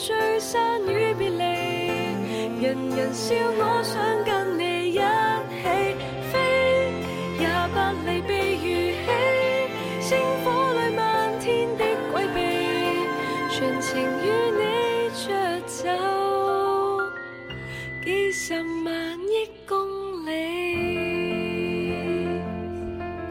聚散與別離，人人笑我想跟你一起飛，也不離被如棄。星火裏漫天的詭秘，全程與你着走幾十萬億公里。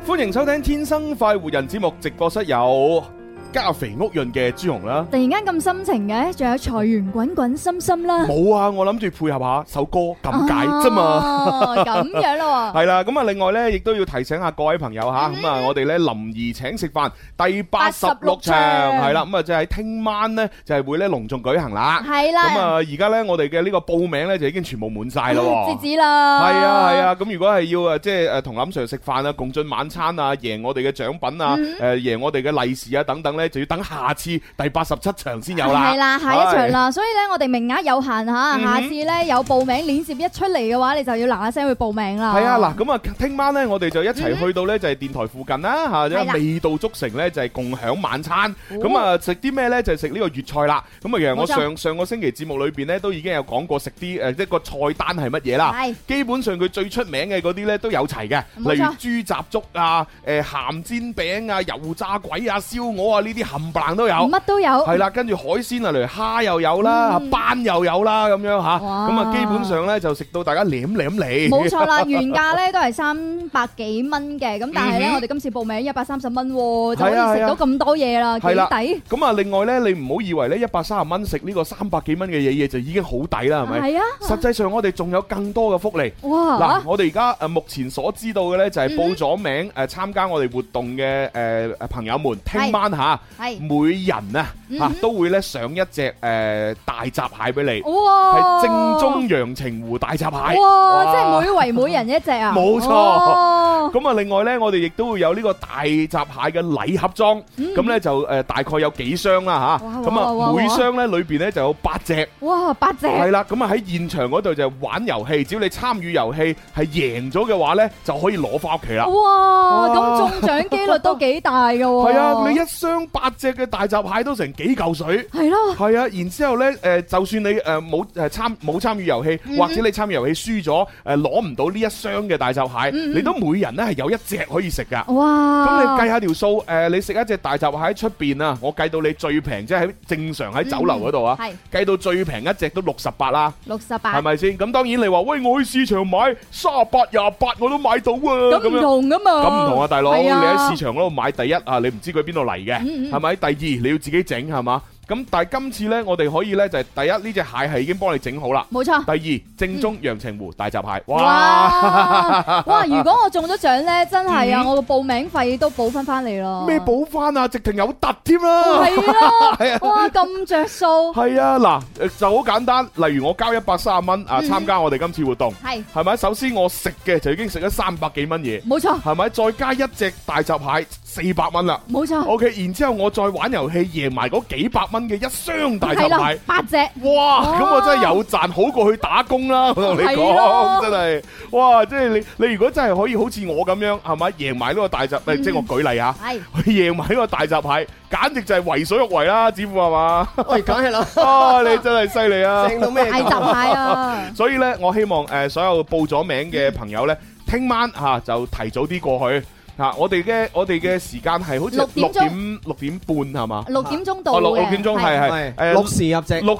歡迎收聽《天生快活人》節目，直播室有。加肥屋潤嘅朱紅啦，突然間咁深情嘅，仲有財源滾滾心心啦。冇啊，我諗住配合下首歌咁解啫嘛，咁樣咯。係啦，咁啊，另外咧，亦都要提醒下各位朋友吓，咁啊，我哋咧林兒請食飯第八十六場係啦，咁啊，即係喺聽晚咧就係會咧隆重舉行啦。係啦，咁啊，而家咧我哋嘅呢個報名咧就已經全部滿晒咯，截止啦。係啊係啊，咁如果係要誒即係誒同林 sir 食飯啊，共進晚餐啊，贏我哋嘅獎品啊，誒贏我哋嘅利是啊等等咧，就要等下次第八十七場先有啦。係啦，下一場啦，所以咧，我哋名額有限吓，下次咧有報名鏈接一出嚟嘅話，你就要嗱嗱聲去報名啦。係啊，嗱，咁啊，聽晚咧，我哋就一齊去到咧，就係電台附近啦吓，即的味道粥城咧，就係共享晚餐。咁、哦、啊，食啲咩咧？就係食呢個粵菜啦。咁啊，其實我上錯上個星期節目裏邊咧，都已經有講過食啲誒一個菜單係乜嘢啦。係的基本上佢最出名嘅嗰啲咧都有齊嘅，錯例如豬雜粥啊、誒鹹煎餅啊、油炸鬼啊、燒鵝啊。呢啲冚唪唥都有，乜都有，係啦。跟住海鮮嚟，蝦又有啦，斑又有啦，咁樣吓。咁啊，基本上咧就食到大家舐舐嚟。冇錯啦，原價咧都係三百幾蚊嘅，咁但係咧我哋今次報名一百三十蚊，就可以食到咁多嘢啦，幾抵。咁啊，另外咧，你唔好以為咧一百三十蚊食呢個三百幾蚊嘅嘢嘢就已經好抵啦，係咪？係啊。實際上我哋仲有更多嘅福利。哇！嗱，我哋而家誒目前所知道嘅咧就係報咗名誒參加我哋活動嘅誒朋友們，聽晚吓。係，是每人啊。吓，都會咧上一隻誒大閘蟹俾你，係正宗陽澄湖大閘蟹，即係每圍每人一隻啊！冇錯，咁啊另外呢，我哋亦都會有呢個大閘蟹嘅禮盒裝，咁呢就誒大概有幾箱啦，吓，咁啊每箱呢裏邊呢就有八隻，哇八隻係啦，咁啊喺現場嗰度就玩遊戲，只要你參與遊戲係贏咗嘅話呢，就可以攞返屋企啦，哇！咁中獎幾率都幾大噶，係啊！你一箱八隻嘅大閘蟹都成。幾嚿水係咯，係啊，然之後呢，誒，就算你誒冇誒參冇參與遊戲，或者你參與遊戲輸咗誒攞唔到呢一箱嘅大閘蟹，你都每人咧係有一隻可以食噶。哇！咁你計下條數誒，你食一隻大閘蟹喺出邊啊？我計到你最平即係正常喺酒樓嗰度啊，計到最平一隻都六十八啦，六十八係咪先？咁當然你話喂我去市場買三十八廿八我都買到喎，咁唔同噶嘛？咁唔同啊，大佬你喺市場嗰度買第一啊，你唔知佢邊度嚟嘅，係咪？第二，你要自己整。係嘛？咁但係今次呢，我哋可以呢，就係第一，呢隻蟹係已經幫你整好啦。冇錯。第二，正宗陽澄湖大閘蟹。哇！哇！如果我中咗獎呢，真係啊，我個報名費都補翻翻嚟咯。咩補翻啊？直情有突添啦。係啊。哇！咁着數。係啊，嗱就好簡單。例如我交一百三十蚊啊，參加我哋今次活動。係。係咪？首先我食嘅就已經食咗三百幾蚊嘢。冇錯。係咪？再加一隻大閘蟹。四百蚊啦，冇錯。OK，然之後我再玩遊戲贏埋嗰幾百蚊嘅一箱大閘蟹，八隻。哇，咁我真係有賺，好過去打工啦。我同你講，真係，哇，即係你你如果真係可以好似我咁樣，係咪？贏埋呢個大閘，即係我舉例啊，係贏埋呢個大閘蟹，簡直就係為所欲為啦，幾乎係嘛？喂，梗係啦。啊，你真係犀利啊！正到咩大閘蟹啊！所以咧，我希望誒所有報咗名嘅朋友咧，聽晚吓就提早啲過去。啊！我哋嘅我哋嘅時間係好似六點六點半係嘛？六點鐘到啊！六六點鐘係，係係六時入席，六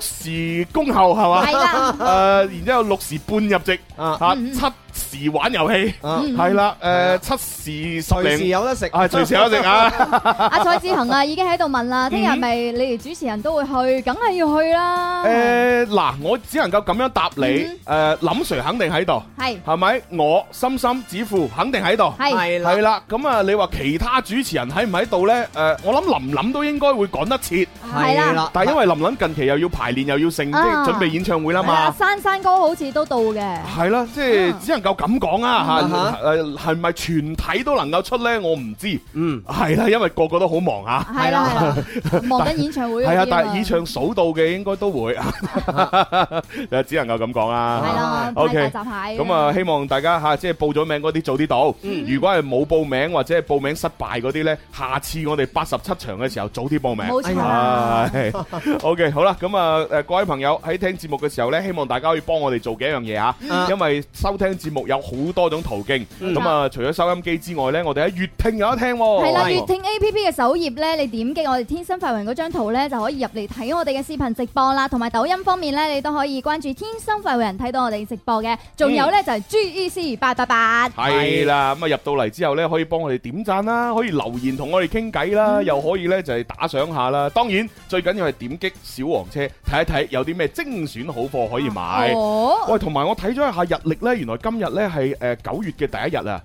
時恭候，係嘛？係啦。誒，然之後六時半入席。啊，七時玩遊戲係啦，誒，七時十零有得食，係隨時有得食啊！阿蔡志恒啊，已經喺度問啦，聽日咪你哋主持人都會去，梗係要去啦。誒，嗱，我只能夠咁樣答你。誒，林 Sir 肯定喺度，係係咪？我心心子父肯定喺度，係啦，係啦。咁啊，你話其他主持人喺唔喺度咧？誒，我諗林林都應該會趕得切，係啦。但係因為林林近期又要排練，又要成即係準備演唱會啦嘛。珊珊哥好似都到嘅，係啦，即係只能。有咁講啊嚇，誒係咪全體都能夠出咧？我唔知，嗯，係啦，因為個個都好忙嚇，係啦係啦，忙緊演唱會，係啊，但係演唱數到嘅應該都會，誒，只能夠咁講啦。係啦，OK，集合，咁啊，希望大家嚇即係報咗名嗰啲早啲到。嗯，如果係冇報名或者係報名失敗嗰啲咧，下次我哋八十七場嘅時候早啲報名。冇錯。OK，好啦，咁啊誒，各位朋友喺聽節目嘅時候咧，希望大家可以幫我哋做幾樣嘢啊，因為收聽節目。有好多種途徑，咁、嗯、啊，除咗收音機之外咧，我哋喺粵聽有得聽喎。係啦、啊，粵、啊、聽 A P P 嘅首頁咧，你點擊我哋天生發雲嗰張圖呢就可以入嚟睇我哋嘅視頻直播啦。同埋抖音方面咧，你都可以關注天生發雲睇到我哋直播嘅。仲有呢，嗯、就係 G E C，888。係啦、啊，咁啊、嗯、入到嚟之後呢，可以幫我哋點贊啦，可以留言同我哋傾偈啦，嗯、又可以呢，就係、是、打賞下啦。當然最緊要係點擊小黃車睇一睇有啲咩精選好貨可以買。喂、啊，同埋、啊、我睇咗一下日曆呢，原來今日。咧係誒九月嘅第一日啊，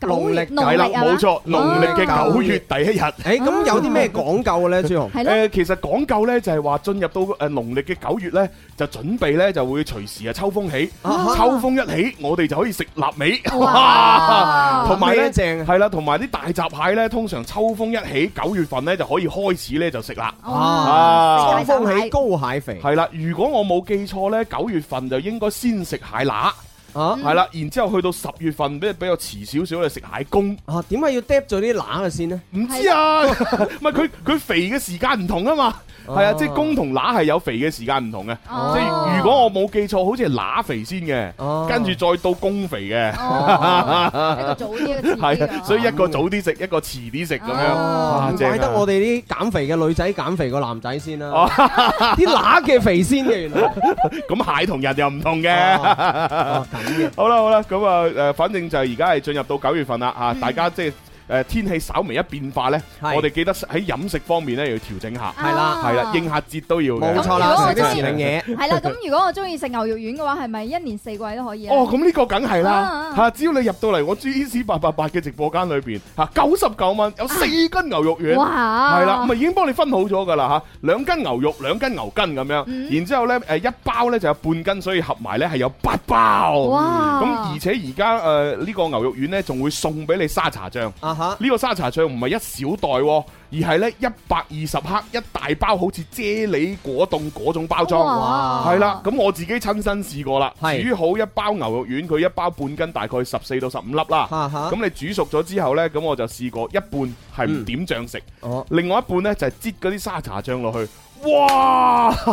農曆係啦，冇錯，農曆嘅九月第一日。誒，咁有啲咩講究嘅咧，朱紅？誒，其實講究咧就係話進入到誒農曆嘅九月咧，就準備咧就會隨時啊秋風起，秋風一起，我哋就可以食臘味，哇！同埋咧，正係啦，同埋啲大閘蟹咧，通常秋風一起，九月份咧就可以開始咧就食啦。啊，秋風起，高蟹肥。係啦，如果我冇記錯咧，九月份就應該先食蟹乸。係啦，然之後去到十月份，比比較遲少少去食蟹公。啊，點解要掉咗啲乸嘅先呢？唔知啊，唔係佢佢肥嘅時間唔同啊嘛。係啊，即係公同乸係有肥嘅時間唔同嘅。即係如果我冇記錯，好似係乸肥先嘅，跟住再到公肥嘅。早啲係，所以一個早啲食，一個遲啲食咁樣。怪得我哋啲減肥嘅女仔減肥過男仔先啦。啲乸嘅肥先嘅原來。咁蟹同人又唔同嘅。好啦好啦，咁啊誒，反正就係而家係進入到九月份啦吓， 大家即係。誒天氣稍微一變化呢，我哋記得喺飲食方面呢要調整下。係啦，係啦，應下節都要冇錯啦。如果我中意嘅嘢係啦，咁如果我中意食牛肉丸嘅話，係咪一年四季都可以？哦，咁呢個梗係啦嚇，只要你入到嚟我 G C 八八八嘅直播間裏邊嚇，九十九蚊有四斤牛肉丸，係啦，咁啊已經幫你分好咗㗎啦嚇，兩斤牛肉兩斤牛筋咁樣，然之後呢，誒一包呢就有半斤，所以合埋呢係有八包。哇！咁而且而家誒呢個牛肉丸呢，仲會送俾你沙茶醬。呢個沙茶醬唔係一小袋，而係呢一百二十克一大包，好似啫喱果凍嗰種包裝。哇！係啦，咁我自己親身試過啦，是煮好一包牛肉丸，佢一包半斤，大概十四到十五粒啦。咁、啊啊、你煮熟咗之後呢，咁我就試過一半係唔點醬食，嗯啊、另外一半呢就係擠嗰啲沙茶醬落去。哇！好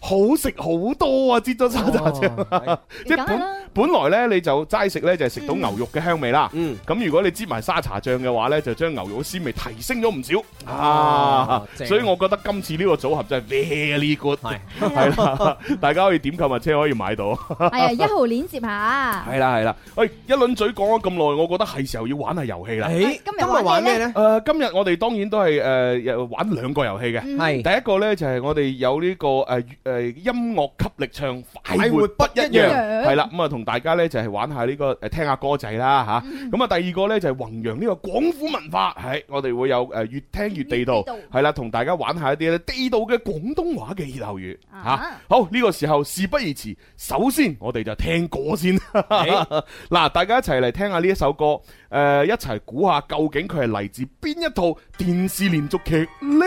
好食好多啊！擠咗沙茶醬。本來咧你就齋食咧就係食到牛肉嘅香味啦，咁如果你沾埋沙茶醬嘅話咧就將牛肉嘅鮮味提升咗唔少啊，所以我覺得今次呢個組合真係 very good，係係啦，大家可以點購物車可以買到，係啊一號鏈接下，係啦係啦，喂一輪嘴講咗咁耐，我覺得係時候要玩下遊戲啦，今日玩咩？咧？誒，今日我哋當然都係誒又玩兩個遊戲嘅，係第一個咧就係我哋有呢個誒誒音樂吸力唱快活不一樣，係啦咁啊同。大家呢就係玩下呢、呢個誒聽下歌仔啦吓，咁啊、嗯、第二個呢，就係弘揚呢個廣府文化，係我哋會有誒越聽越地道，係啦，同大家玩一下一啲咧地道嘅廣東話嘅歇後語吓。啊啊、好呢、呢個時候事不宜遲，首先我哋就聽歌先，嗱是大家一齊嚟聽下呢一首歌，誒、呃、一齊估下究竟佢係嚟自邊一套電視連續劇呢？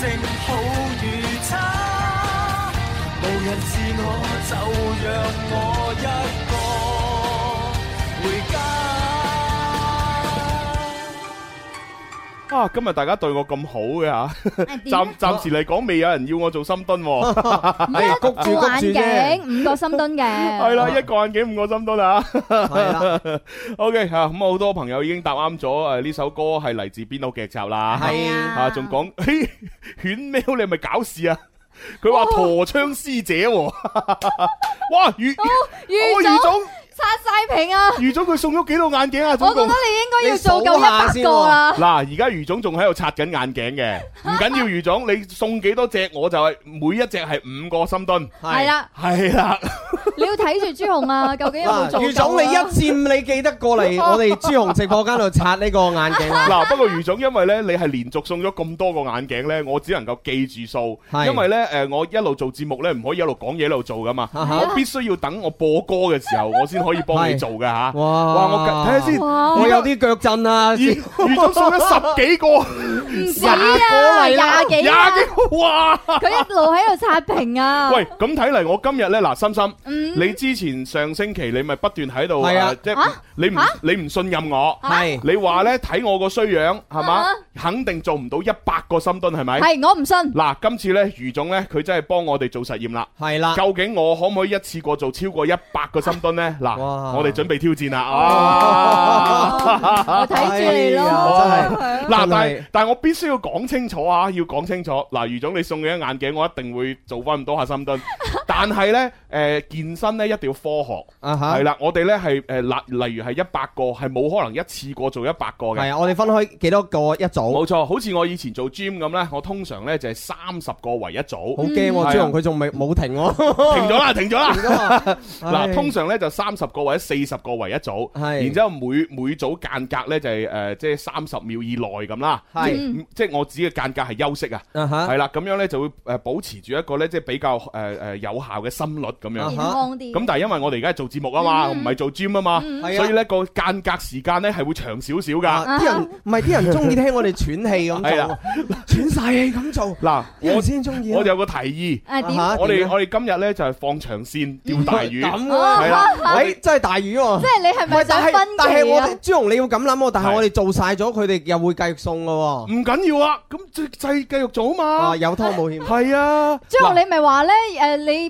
正好與他，無人自我，就讓我一個。哇！今日大家對我咁好嘅吓，暫暫時嚟講未有人要我做深蹲，一個住眼鏡，五個深蹲嘅，係啦，一個眼鏡五個深蹲啊！OK，吓咁好多朋友已經答啱咗誒，呢首歌係嚟自邊套劇集啦，係啊，吓仲講，嘿，犬喵你係咪搞事啊？佢話陀槍師姐，哇，遇遇中。刷晒屏啊！余總佢送咗幾多眼鏡啊？我覺得你應該要數做夠一百個啦。嗱，而家余總仲喺度擦緊眼鏡嘅，唔緊要。余總，你送幾多隻我就係、是、每一隻係五個深蹲。係啦是，係啦的。你要睇住朱紅啊，究竟有冇中？余總，你一佔，你記得過嚟我哋朱紅直播間度刷呢個眼鏡。嗱，不過余總，因為咧你係連續送咗咁多個眼鏡咧，我只能夠記住數。係，因為咧誒，我一路做節目咧，唔可以一路講嘢一路做噶嘛我必須要等我播歌嘅時候，我先可以幫你做噶吓。哇！哇！我睇下先，我有啲腳震啊！余總送咗十幾個，唔止啊，廿幾，廿幾，哇！佢一路喺度刷屏啊！喂，咁睇嚟，我今日咧嗱，心心。你之前上星期你咪不斷喺度，係啊，即係你唔你唔信任我，係你話咧睇我個衰樣係嘛，肯定做唔到一百個深蹲係咪？係我唔信。嗱，今次咧，余總咧佢真係幫我哋做實驗啦，係啦。究竟我可唔可以一次過做超過一百個深蹲咧？嗱，我哋準備挑戰啦。我睇住你咯，真係。嗱，但係但係我必須要講清楚啊，要講清楚。嗱，余總你送佢一眼鏡我一定會做翻咁多下深蹲。但係咧，誒健身咧一定要科學，係啦。我哋咧係誒例例如係一百個，係冇可能一次過做一百個嘅。係啊，我哋分開幾多個一組？冇錯，好似我以前做 gym 咁咧，我通常咧就係三十個為一組。好驚喎，朱紅佢仲未冇停喎，停咗啦，停咗啦。嗱，通常咧就三十個或者四十個為一組，然之後每每組間隔咧就係誒即係三十秒以內咁啦。係，即係我指嘅間隔係休息啊。嗯係啦，咁樣咧就會誒保持住一個咧即係比較誒誒有。校嘅心率咁樣，咁但係因為我哋而家做節目啊嘛，唔係做 gym 啊嘛，所以咧個間隔時間咧係會長少少噶。啲人唔係，啲人中意聽我哋喘氣咁做，喘晒氣咁做。嗱，我先中意。我哋有個提議，我哋我哋今日咧就係放長線釣大魚。咁嘅，喂，真係大魚喎。即係你係咪打分？但係我哋朱紅，你要咁諗，但係我哋做晒咗，佢哋又會繼續送嘅喎。唔緊要啊，咁最繼繼續做啊嘛。有拖無欠。係啊。朱紅，你咪話咧，誒，你。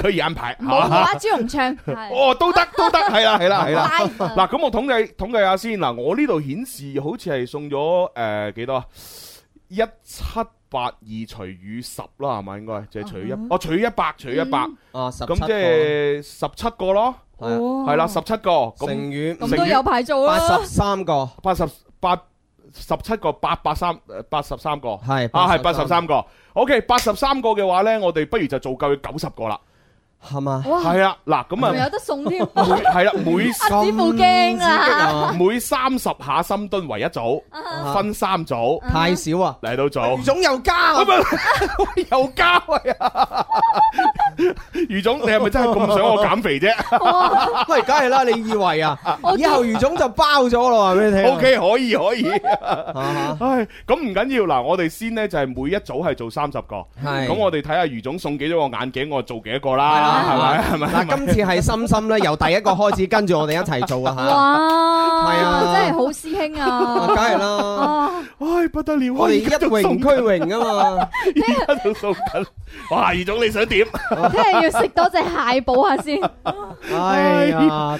可以安排，冇啊！朱容暢，哦，都得，都得，係啦，係啦，係啦。嗱咁，我統計統計下先嗱，我呢度顯示好似係送咗誒幾多？一七八二除以十啦，係咪？應該即係除以一，哦，除一百，除以一百，哦，咁即係十七個咯，係啦，十七個，剩餘咁都有排做咯，八十三個，八十八。十七個八百三，八十三個係啊，係八十三個。OK，八十三個嘅話呢，我哋不如就做夠九十個啦。係嘛？係啊，嗱咁啊，有得送添。係啦，每阿子冇驚啊！每三十下深蹲為一組，分三組。太少啊！嚟到組，余總又加，又加啊！余總，你係咪真係咁想我減肥啫？喂，梗係啦！你以為啊？以後余總就包咗咯，話俾你聽。OK，可以可以。唉，咁唔緊要，嗱，我哋先呢就係每一組係做三十個，咁我哋睇下余總送幾多個眼鏡，我做幾多個啦。係咪？係咪？嗱，今次係深蹲咧，由第一個開始跟住我哋一齊做啊！吓哇，係啊，真係好師兄啊！梗係啦，唉，不得了啊！我哋一榮俱榮啊嘛，而家仲數緊。哇，余總你想點？即係要食多隻蟹補下先。哎呀，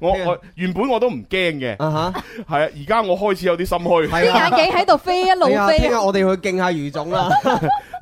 我我原本我都唔驚嘅，啊哈，係啊，而家我開始有啲心虛。啲眼鏡喺度飛一路飛。聽日我哋去敬下余總啦。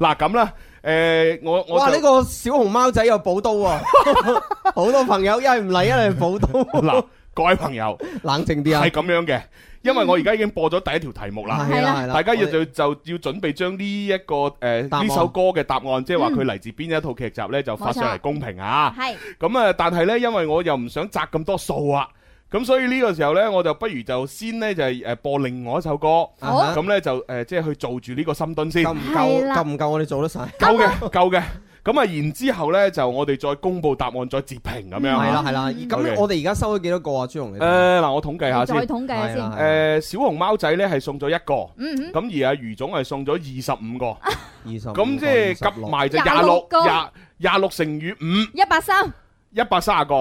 嗱，咁啦。誒、呃，我我哇呢、這個小熊貓仔有補刀啊， 好多朋友一係唔嚟，一係補刀。嗱， 各位朋友冷靜啲啊，係咁樣嘅，因為我而家已經播咗第一條題目啦，係啦係啦，大家要就就要準備將呢一個誒呢首歌嘅答案，即係話佢嚟自邊一套劇集咧，就發上嚟公平啊。係咁、嗯、啊，但係咧，因為我又唔想摘咁多數啊。咁所以呢個時候呢，我就不如就先呢，就係播另外一首歌，咁呢，就誒即係去做住呢個深蹲先。夠唔夠？夠唔夠？我哋做得晒。夠嘅，夠嘅。咁啊，然之後咧就我哋再公布答案，再截屏咁樣。係啦，係啦。咁我哋而家收咗幾多個啊？朱紅你。誒，嗱，我統計下先。再統計下先。誒，小熊貓仔呢係送咗一個。嗯嗯。咁而阿余總係送咗二十五個。二十五個。咁即係夾埋就廿六，廿廿六乘以五。一百三。一百三十個。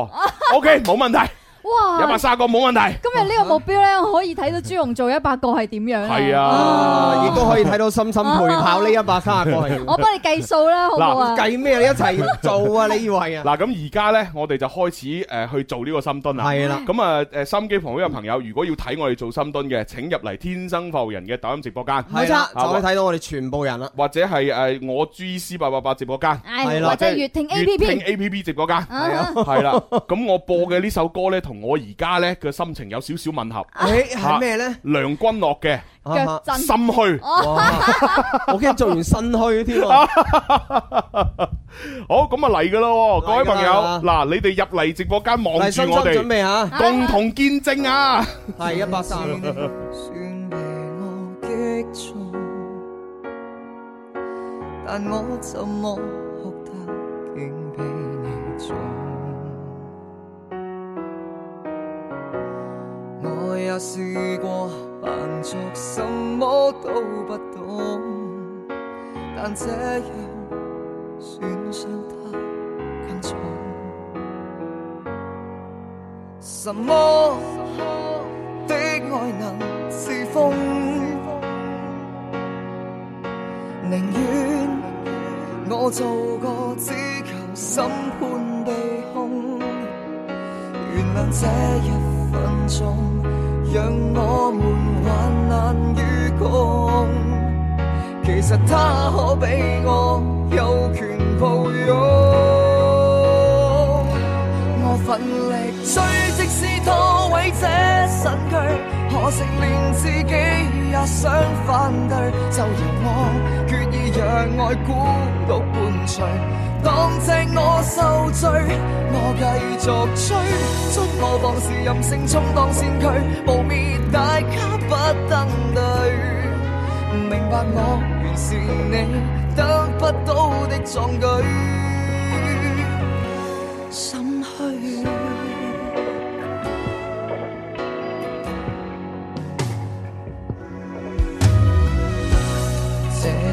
O K，冇問題。哇！一百三十個冇問題。今日呢個目標咧，可以睇到朱紅做一百個係點樣？係啊，亦都可以睇到心心陪跑呢一百三十個。我幫你計數啦，好唔好啊？計咩？你一齊做啊？你以為啊？嗱，咁而家咧，我哋就開始誒去做呢個深蹲啦。係啦，咁啊誒，心機旁邊嘅朋友，如果要睇我哋做深蹲嘅，請入嚟天生浮人嘅抖音直播間，係啦，就可以睇到我哋全部人啦。或者係誒我 G C 八八八直播間，係啦，或者月聽 A P P A P P 直播間，係啦。咁我播嘅呢首歌咧，同。我而家咧個心情有少少吻合，係咩咧？梁君樂嘅心虛，我驚做完心虛添。好，咁啊嚟噶咯，各位朋友嗱，你哋入嚟直播間望住我哋，準備下，共同見證啊！係一百三。我也試過扮作什麼都不懂，但這樣損傷他更重。什麼的愛能是風？寧願我做過只求心判地空，原來這一。分分鐘，讓我們患難與共，其實他可比我有權抱擁。我奮力追，即使拖毀這身軀，可惜連自己也想反對。就由我決。讓愛孤獨伴隨，當正我受罪，我繼續追，准我放肆任性充當先驅，無面大家不登對，明白我原是你得不到的壯舉。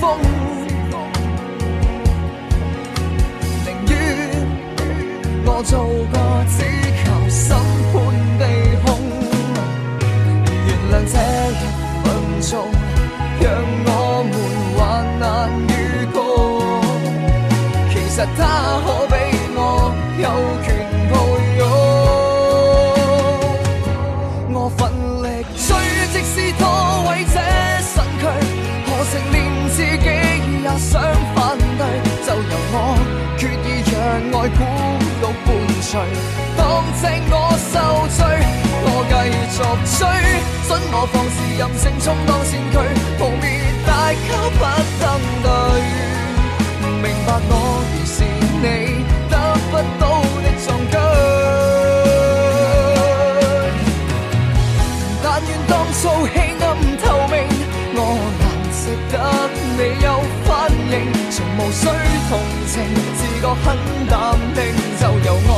風雨中寧願我做個只求心寬地空，原諒這一分鐘讓我們患難與共。其實他可比我有。當正我受罪，我繼續追，准我放肆任性充當先驅，無面大銬不登對，明白我原是你得不到的創舉。但願當初棄暗投明，我難值得你有反應，從無需同情，自覺很淡定，就由我。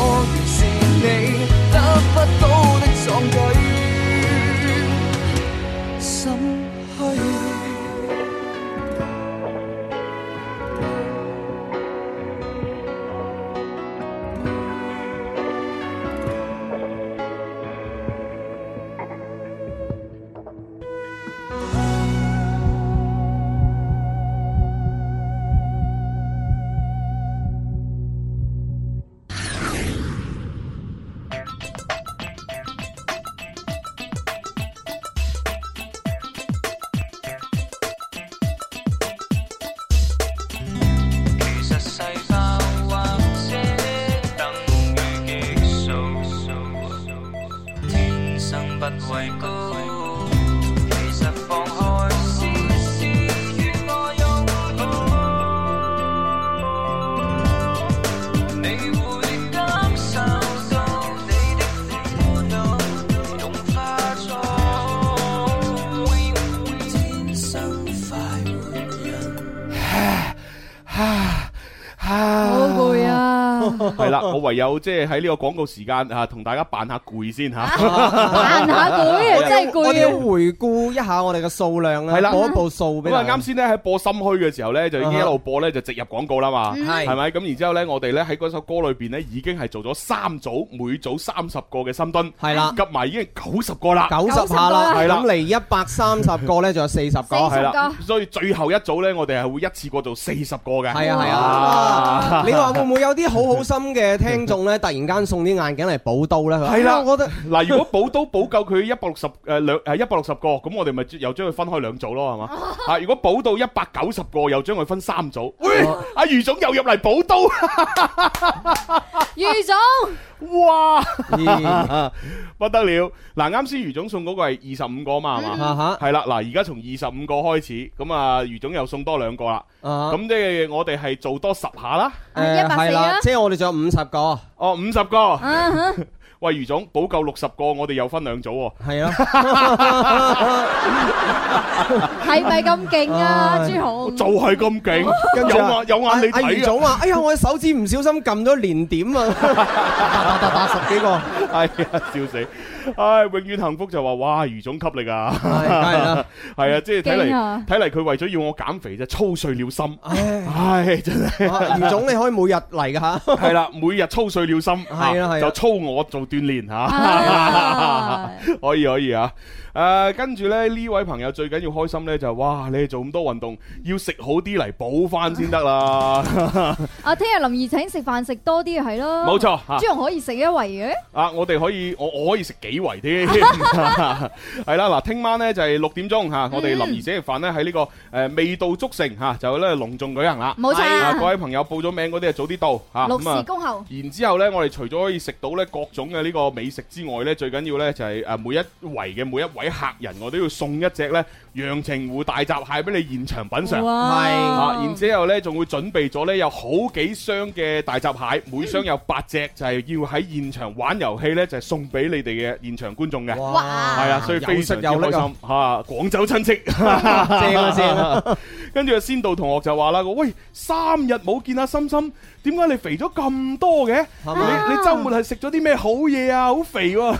有即係喺呢個廣告時間啊，同大家扮下攰先吓，扮下攰啊！我哋要回顧一下我哋嘅數量啦。係啦，我報數。咁啊，啱先咧喺播心虛嘅時候咧，就已經一路播咧就植入廣告啦嘛。係，係咪咁？然之後咧，我哋咧喺嗰首歌裏邊咧已經係做咗三組，每組三十個嘅深蹲。係啦，夾埋已經九十個啦，九十下啦。係啦，咁嚟一百三十個咧，就有四十個。四十個，所以最後一組咧，我哋係會一次過做四十個嘅。係啊係啊，你話會唔會有啲好好心嘅聽觀眾咧突然間送啲眼鏡嚟補刀啦，係啦，我覺得嗱，如果補刀補夠佢一百六十誒兩誒一百六十個，咁我哋咪又將佢分開兩組咯，係嘛？啊，如果補到一百九十個，又將佢分三組。喂，阿余總又入嚟補刀，余總。哇！ 不得了！嗱，啱先余總送嗰個係二十五個嘛，係嘛、嗯？係啦，嗱，而家從二十五個開始，咁啊，余總又送多兩個啦。咁、啊、即係我哋係做多十下啦。一百啦，即係我哋仲有五十個。哦，五十個。啊哈 喂，余總補夠六十個，我哋又分兩組喎。係啊，係咪咁勁啊？朱豪就係咁勁，有眼有眼你睇啊！余總話：哎呀，我手指唔小心撳咗連點啊，噠噠噠噠十幾個。哎呀，笑死！哎，永遠幸福就話：哇，余總給力啊！係啦，係啊，即係睇嚟，睇嚟佢為咗要我減肥就，操碎了心。哎真係，余總你可以每日嚟噶吓。係啦，每日操碎了心。係啦，係啊，就操我做。鍛煉吓， 可以可以啊！誒、啊，跟住咧呢位朋友最緊要開心咧，就係、是、哇！你哋做咁多運動，要食好啲嚟補翻先得啦啊天。啊，聽日林怡請食飯食多啲係咯，冇錯。朱紅可以食一圍嘅、啊。 啊，我哋可以，我我可以食幾圍添。係啦，嗱，聽晚咧就係六點鐘吓，我哋林怡姐嘅飯咧喺呢個誒味道足成，吓、啊，就咧隆重舉行啦。冇錯、啊啊，各位朋友報咗名嗰啲啊，早啲到吓。六時恭候。然之後咧，我哋除咗可以食到咧各種嘅。呢個美食之外呢，最緊要呢就係、是、誒每一圍嘅每一位客人，我都要送一隻呢陽澄湖大閘蟹俾你現場品嚐。係哇啊，然之後呢仲會準備咗呢有好幾箱嘅大閘蟹，每箱有八隻，就係要喺現場玩遊戲呢就係、是、送俾你哋嘅現場觀眾嘅。哇！係啊，所以非常之開心嚇、啊啊。廣州親戚 正啊先，跟住阿先導同學就話啦：，喂，三日冇見阿心心。深深深點解你肥咗咁多嘅？你你周末係食咗啲咩好嘢啊？好肥喎！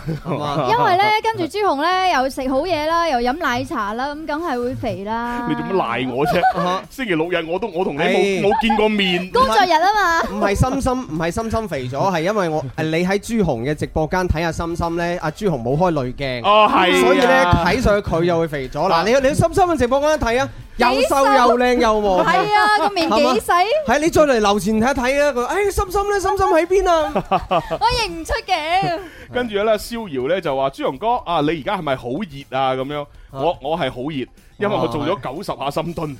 因為咧，跟住朱紅咧，又食好嘢啦，又飲奶茶啦，咁梗係會肥啦。你做乜賴我啫？星期六日我都我同你冇冇見過面。工作日啊嘛。唔係心心，唔係心心肥咗，係因為我係你喺朱紅嘅直播間睇阿心心咧，阿朱紅冇開濾鏡。哦，係。所以咧，睇上去佢就會肥咗。嗱，你你心心嘅直播間睇啊！又瘦又靚又黃，係啊個面幾細，係你再嚟樓前睇一睇啊！佢，哎，心心咧，心心喺邊啊？ 我認唔出嘅 跟住咧，逍遙咧就話：朱榮哥啊，你而家係咪好熱啊？咁樣， 我我係好熱。因為我做咗九十下深蹲，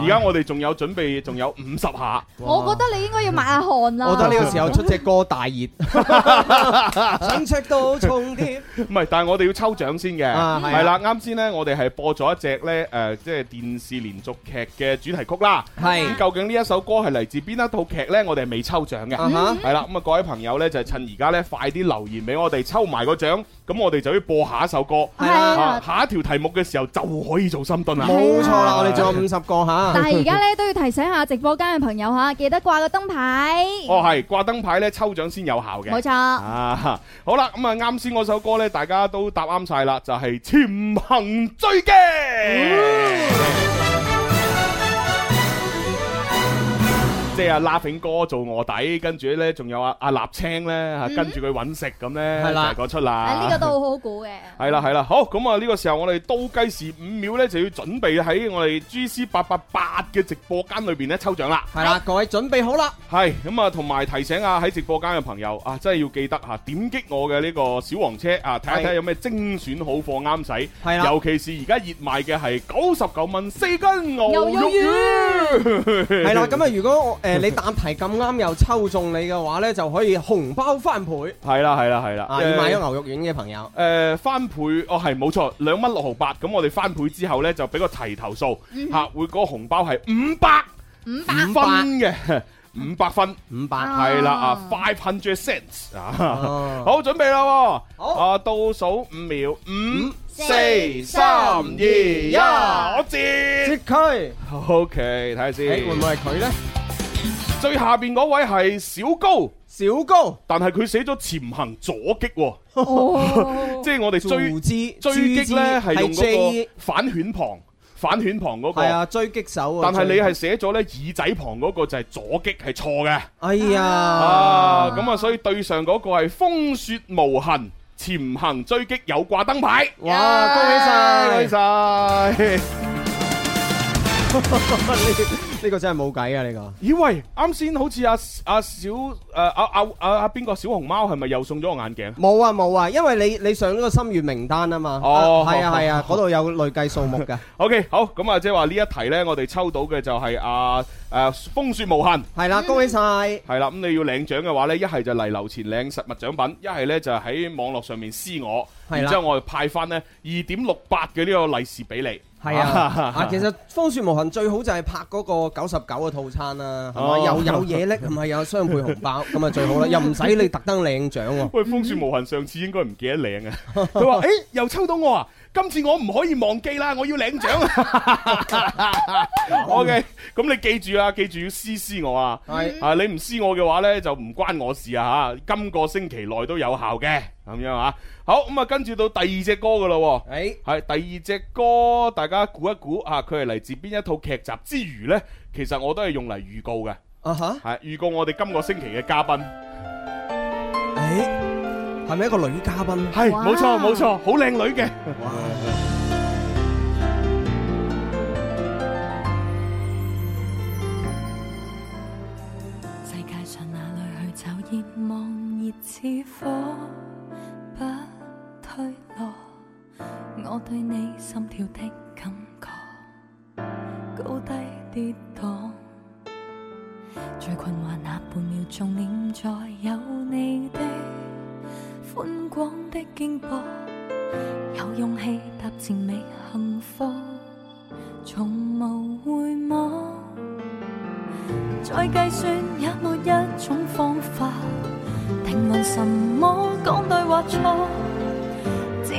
而家我哋仲有準備，仲有五十下。我覺得你應該要抹下汗啦。我覺得呢個時候出隻歌大熱，想吃到重添。唔係，但係我哋要抽獎先嘅，係啦。啱先呢，我哋係播咗一隻呢，誒，即係電視連續劇嘅主題曲啦。係，究竟呢一首歌係嚟自邊一套劇呢？我哋係未抽獎嘅，係啦。咁啊，各位朋友呢，就係趁而家呢，快啲留言俾我哋抽埋個獎。咁我哋就要播下一首歌，係啦，下一條題目嘅時候就可以做。好深蹲啊！冇錯啦，的我哋仲有五十個嚇。但係而家咧 都要提醒下直播間嘅朋友嚇，記得掛個燈牌。哦，係掛燈牌咧，抽獎先有效嘅。冇錯。啊，好啦，咁、嗯、啊，啱先嗰首歌咧，大家都答啱晒啦，就係、是、潛行追擊。嗯即係拉平哥做臥底，跟住咧，仲有阿阿立青咧，跟住佢揾食咁咧，係啦嗰出啦。呢個，啊這個都好好估嘅。係 啦，係啦，好咁啊！呢、這個時候我哋倒計時五秒咧，就要準備喺我哋 G C 八八八嘅直播間裏邊咧抽獎啦。係啦、啊，各位準備好啦。係咁啊，同埋提醒啊，喺直播間嘅朋友啊，真係要記得吓、啊、點擊我嘅呢個小黃車啊，睇一睇有咩精選好貨啱使。係對啊，尤其是而家熱賣嘅係九十九蚊四斤牛肉。肉丸。係啦，咁啊， 如果誒。呃誒，你答題咁啱又抽中你嘅話咧，就可以紅包翻倍。係啦，係啦，係啦。啊，買咗牛肉丸嘅朋友。誒，翻倍，哦係冇錯，兩蚊六毫八，咁我哋翻倍之後咧，就俾個提頭數，吓會嗰個紅包係五百五百分嘅，五百分，五百，係啦啊，five hundred cents 啊，好準備啦，好，啊倒數五秒，五四三二一，我接，切開，OK，睇下先，會唔會係佢咧？最下邊嗰位係小高，小高，但係佢寫咗潛行阻擊、哦，哦、 即係我哋追之追擊咧係用個反犬旁，反犬旁嗰、那個係啊狙擊手、啊。但係你係寫咗呢耳仔旁嗰個就係阻擊係錯嘅。哎呀，咁啊，所以對上嗰個係風雪無痕潛行狙擊有掛燈牌。哇，恭喜晒，耶恭喜晒。 呢個真係冇計啊！呢個咦喂，啱先好似阿阿小誒阿阿阿阿邊個小熊貓係咪又送咗個眼鏡？冇啊冇啊，因為你你上咗個心願名單啊嘛。哦，係啊係啊，嗰度有累計數目嘅。O K，好咁啊，即係話呢一題呢，我哋抽到嘅就係阿誒風雪無限係啦，恭喜晒係啦。咁你要領獎嘅話呢，一係就嚟樓前領實物獎品，一係呢就喺網絡上面私我，然之後我哋派翻呢二點六八嘅呢個利是俾你。係啊，啊，其實風雪無痕最好就係拍嗰個九十九嘅套餐啦、啊，係咪又有嘢拎？係咪有雙倍紅包？咁啊最好啦，又唔使你特登領獎、啊。喂，風雪無痕上次應該唔記得領，領啊，佢話誒又抽到我啊，今次我唔可以忘記啦，我要領獎、啊。 OK，咁你記住啊，記住要私私我啊，係啊是，你唔私我嘅話咧就唔關我事啊吓，今個星期內都有效嘅，咁樣啊。好咁啊，跟住到第二隻歌噶啦，係、欸、第二隻歌，大家估一估啊，佢係嚟自邊一套劇集之餘呢？其實我都係用嚟預告嘅，係預、啊、哈告我哋今個星期嘅嘉賓。誒、欸，係咪一個女嘉賓？係是，冇錯冇錯，好靚女嘅。哇 世界上哪裏去找熱望熱似火？我對你心跳的感覺，高低跌宕，最困惑那半秒鐘，念在有你的寬廣的肩膊，有勇氣踏前覓幸福，從無回望，再計算也沒有一種方法，定論什麼講對或錯。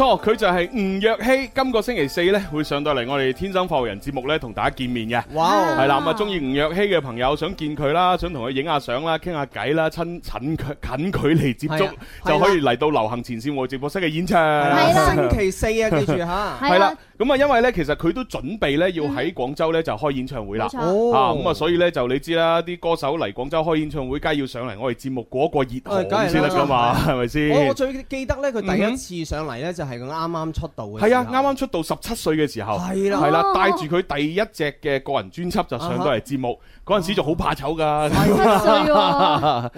錯，佢就係吳若希。今個星期四呢，會上到嚟我哋天生話人節目呢，同大家見面嘅。哇 Wow.！係啦，咁啊，中意吳若希嘅朋友想見佢啦，想同佢影下相啦，傾下偈啦，親近距近距離接觸、啊啊、就可以嚟到流行前線和直播室嘅演唱。係啦，星期四啊，記住吓。係啦、 啊。咁啊，因為咧，其實佢都準備咧，要喺廣州咧就開演唱會啦。啊，咁啊，所以咧就你知啦，啲歌手嚟廣州開演唱會，梗係要上嚟我哋節目過一過熱度咁先得噶嘛，係咪先？我最記得咧，佢第一次上嚟咧就係佢啱啱出道嘅時候。係啊，啱啱出道十七歲嘅時候。係啦，係啦，帶住佢第一隻嘅個人專輯就上到嚟節目。嗰陣時就好怕醜㗎，十七歲哇！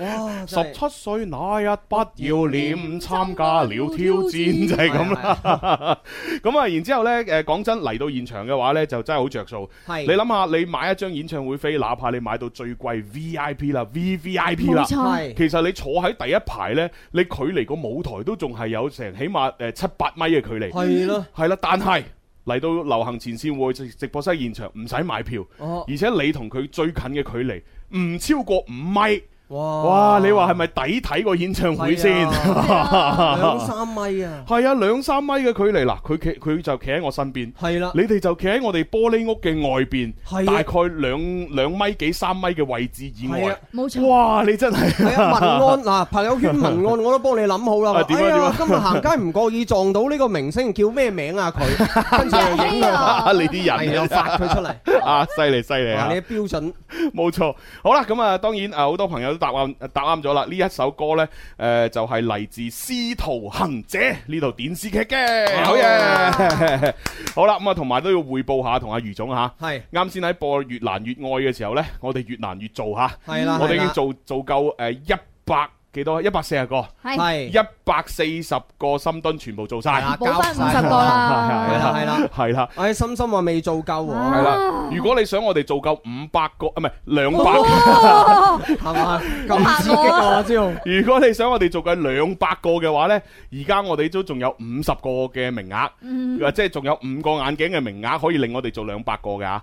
十七歲那日不要臉參加了挑戰就係咁啦。咁啊，然之後呢，誒講真嚟到現場嘅話呢，就真係好着數。你諗下，你買一張演唱會飛，哪怕你買到最貴 V I P 啦，V V I P 啦，其實你坐喺第一排呢，你距離個舞台都仲係有成起碼誒七八米嘅距離。係咯，係啦，但係。嚟到流行前線會直播室現場，唔使買票，Oh. 而且你同佢最近嘅距離唔超過五米。哇！你話係咪抵睇個演唱會先？兩三米啊！係啊，兩三米嘅距離嗱，佢佢就企喺我身邊。係啦，你哋就企喺我哋玻璃屋嘅外邊，大概兩兩米幾三米嘅位置以外。係啊，冇錯。哇！你真係，係啊，文案嗱，朋友圈文案我都幫你諗好啦。係點啊？今日行街唔覺意撞到呢個明星，叫咩名啊？佢跟住啊，你啲人又發佢出嚟。啊，犀利犀利啊！你嘅標準，冇錯。好啦，咁啊，當然啊，好多朋友。答案答啱咗啦！呢一首歌呢誒、呃、就係、是、嚟自《司徒行者》呢套電視劇嘅。Oh、yeah! 好嘢！好啦，咁啊，同埋都要匯報下同阿余總嚇。係是。啱先喺播《越難越愛》嘅時候呢，我哋越難越做嚇。係啦。我哋已經做做夠誒一百。呃幾多？一百四十個，係一百四十個深蹲全部做晒，冇翻五十個啦，係啦，係啦，係啦。我啲深深話未做夠，係啦。如果你想我哋做夠五百個，唔係兩百個，係嘛？咁多啊？如果你想我哋做夠兩百個嘅話咧，而家我哋都仲有五十個嘅名額，或者係仲有五個眼鏡嘅名額可以令我哋做兩百個嘅啊！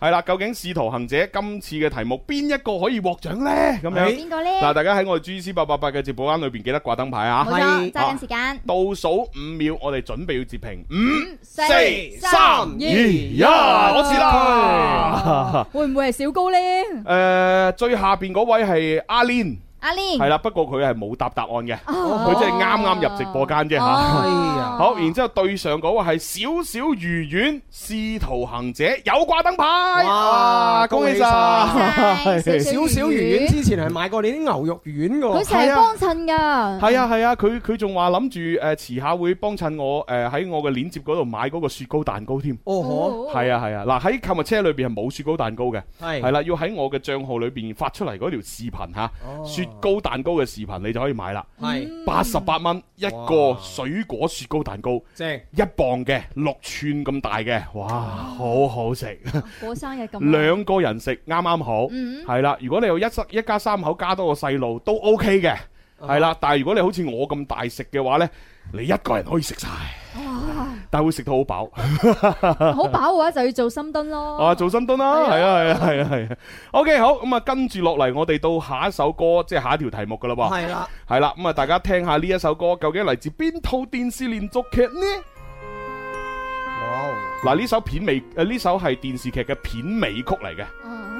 係啦，究竟《仕徒行者》今次嘅題目邊一個可以獲獎呢？咁樣邊個呢？嗱呢，大家喺我哋 G C 八八八嘅直播間裏邊記得掛燈牌啊！冇錯，揸緊時間，倒數五秒，我哋準備要截屏，五四三二一，開始啦。會唔會係小高呢？誒、呃，最下邊嗰位係阿 Lin。阿蓮係啦，不過佢係冇答答案嘅，佢即係啱啱入直播間啫吓。啊，好，然之後對上嗰個係小小魚丸，試徒行者有掛燈牌。哇，恭喜晒！小小魚丸之前係買過你啲牛肉丸噶，佢成日幫襯噶。係啊係啊，佢佢仲話諗住誒遲下會幫襯我誒喺我嘅鏈接嗰度買嗰個雪糕蛋糕添。哦，係啊係啊，嗱喺購物車裏邊係冇雪糕蛋糕嘅。係係啦，要喺我嘅賬號裏邊發出嚟嗰條視頻吓，雪。高蛋糕嘅視頻你就可以買啦，係八十八蚊一個水果雪糕蛋糕，即係哇一磅嘅六寸咁大嘅，哇，哇好好食！過生日咁，兩 個人食啱啱好，係啦、嗯。如果你有一一一家三口加多個細路都 OK 嘅，係啦。但係如果你好似我咁大食嘅話呢。你一個人可以食晒，哇但會食到好飽。好 飽嘅話就要做深蹲咯。啊，做深蹲啦，係啊，係、哎、呀啊，係啊，係啊。O K，好，咁啊，跟住落嚟，啊嗯、我哋到下一首歌，即、就、係、是、下一條題目噶啦喎。係啦、啊，係啦、啊，咁、嗯、啊，大家聽下呢一首歌究竟嚟自邊套電視連續劇呢？哇、哦！嗱、啊，呢首片尾誒，呢、啊、首係電視劇嘅片尾曲嚟嘅。啊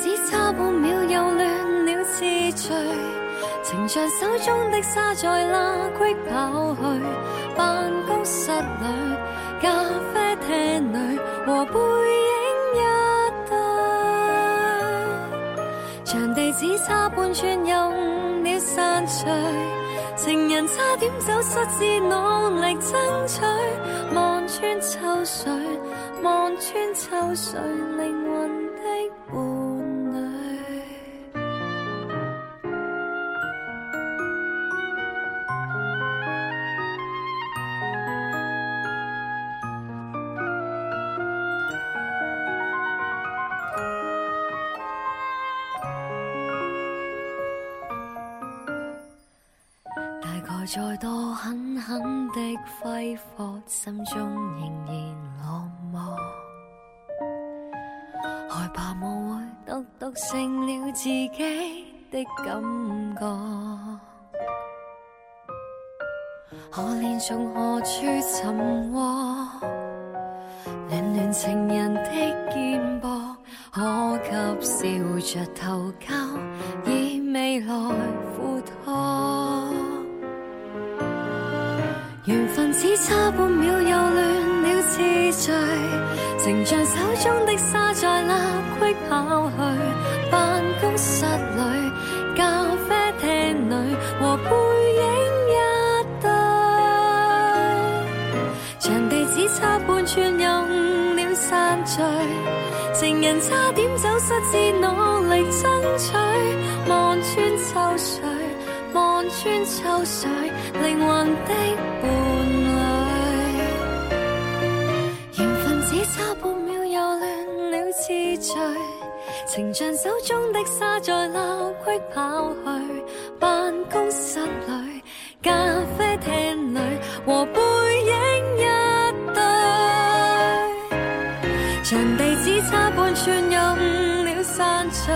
只差半秒又亂了次序，情像手中的沙在那隙跑去，辦公室裏咖啡廳裏和背影一對場地，只差半寸又誤了散聚，情人差點走失至努力爭取，望穿秋水，望穿秋水，靈魂的。揮霍，心中仍然落寞，害怕我會獨獨剩了自己的感覺。可憐從何處尋獲？暖暖情人的肩膊，可及笑着投靠，以未來負託。緣分只差半秒又亂了次序，情像手中的沙在罅隙跑去，辦公室裡、咖啡廳裡和背影一對，場地只差半寸又誤了散聚，情人差點走失至努力爭取，望穿秋水，望穿秋水，靈魂的背。差半秒又亂了次序，情像手中的沙在漏隙跑去，辦公室裡、咖啡廳裡和背影一對，像地址差半寸又誤了散聚，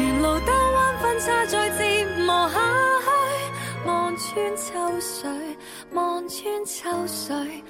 沿路兜彎分岔再折磨下去，望穿秋水，望穿秋水。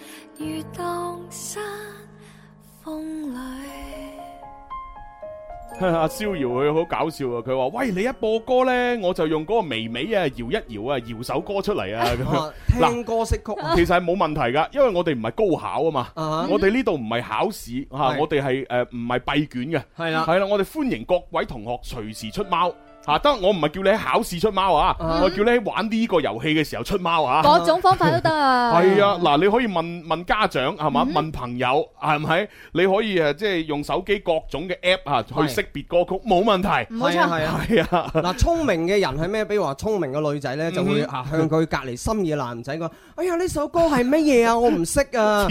阿蕭遙佢好搞笑啊！佢話：喂，你一播歌呢，我就用嗰個微微啊搖一搖啊，搖首歌出嚟啊咁，啊。聽歌識曲，啊，其實係冇問題噶，因為我哋唔係高考啊嘛。啊我哋呢度唔係考試吓，嗯啊，我哋係誒唔係閉卷嘅。係啦的，係啦，我哋歡迎各位同學隨時出貓。吓得我唔係叫你喺考試出貓啊，我叫你喺玩呢個遊戲嘅時候出貓啊。各種方法都得啊。係啊，嗱，你可以問問家長係嘛，問朋友係咪？你可以誒即係用手機各種嘅 app 啊去識別歌曲，冇問題。係啊係啊。係啊。嗱，聰明嘅人係咩？比如話聰明嘅女仔咧就會啊向佢隔離深嘅男仔講：哎呀呢首歌係乜嘢啊？我唔識啊！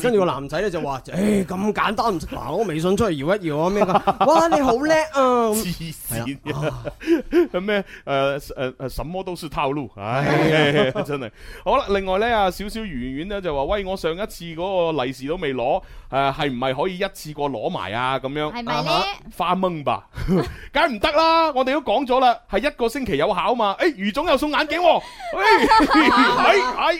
跟住個男仔咧就話：誒咁簡單唔識，發我微信出嚟搖一搖啊咩㗎？哇你好叻啊！黐線啊！咩誒誒誒， 什麼都是套路，唉、哎，真係 好啦。另外咧啊，少少圓圓咧就話，喂，我上一次嗰個利、啊、是都未攞，誒，係唔係可以一次過攞埋啊？咁樣係咪咧？花懵吧，梗係唔得啦。我哋都講咗啦，係一個星期有效嘛。誒、哎，余總又送眼鏡，誒誒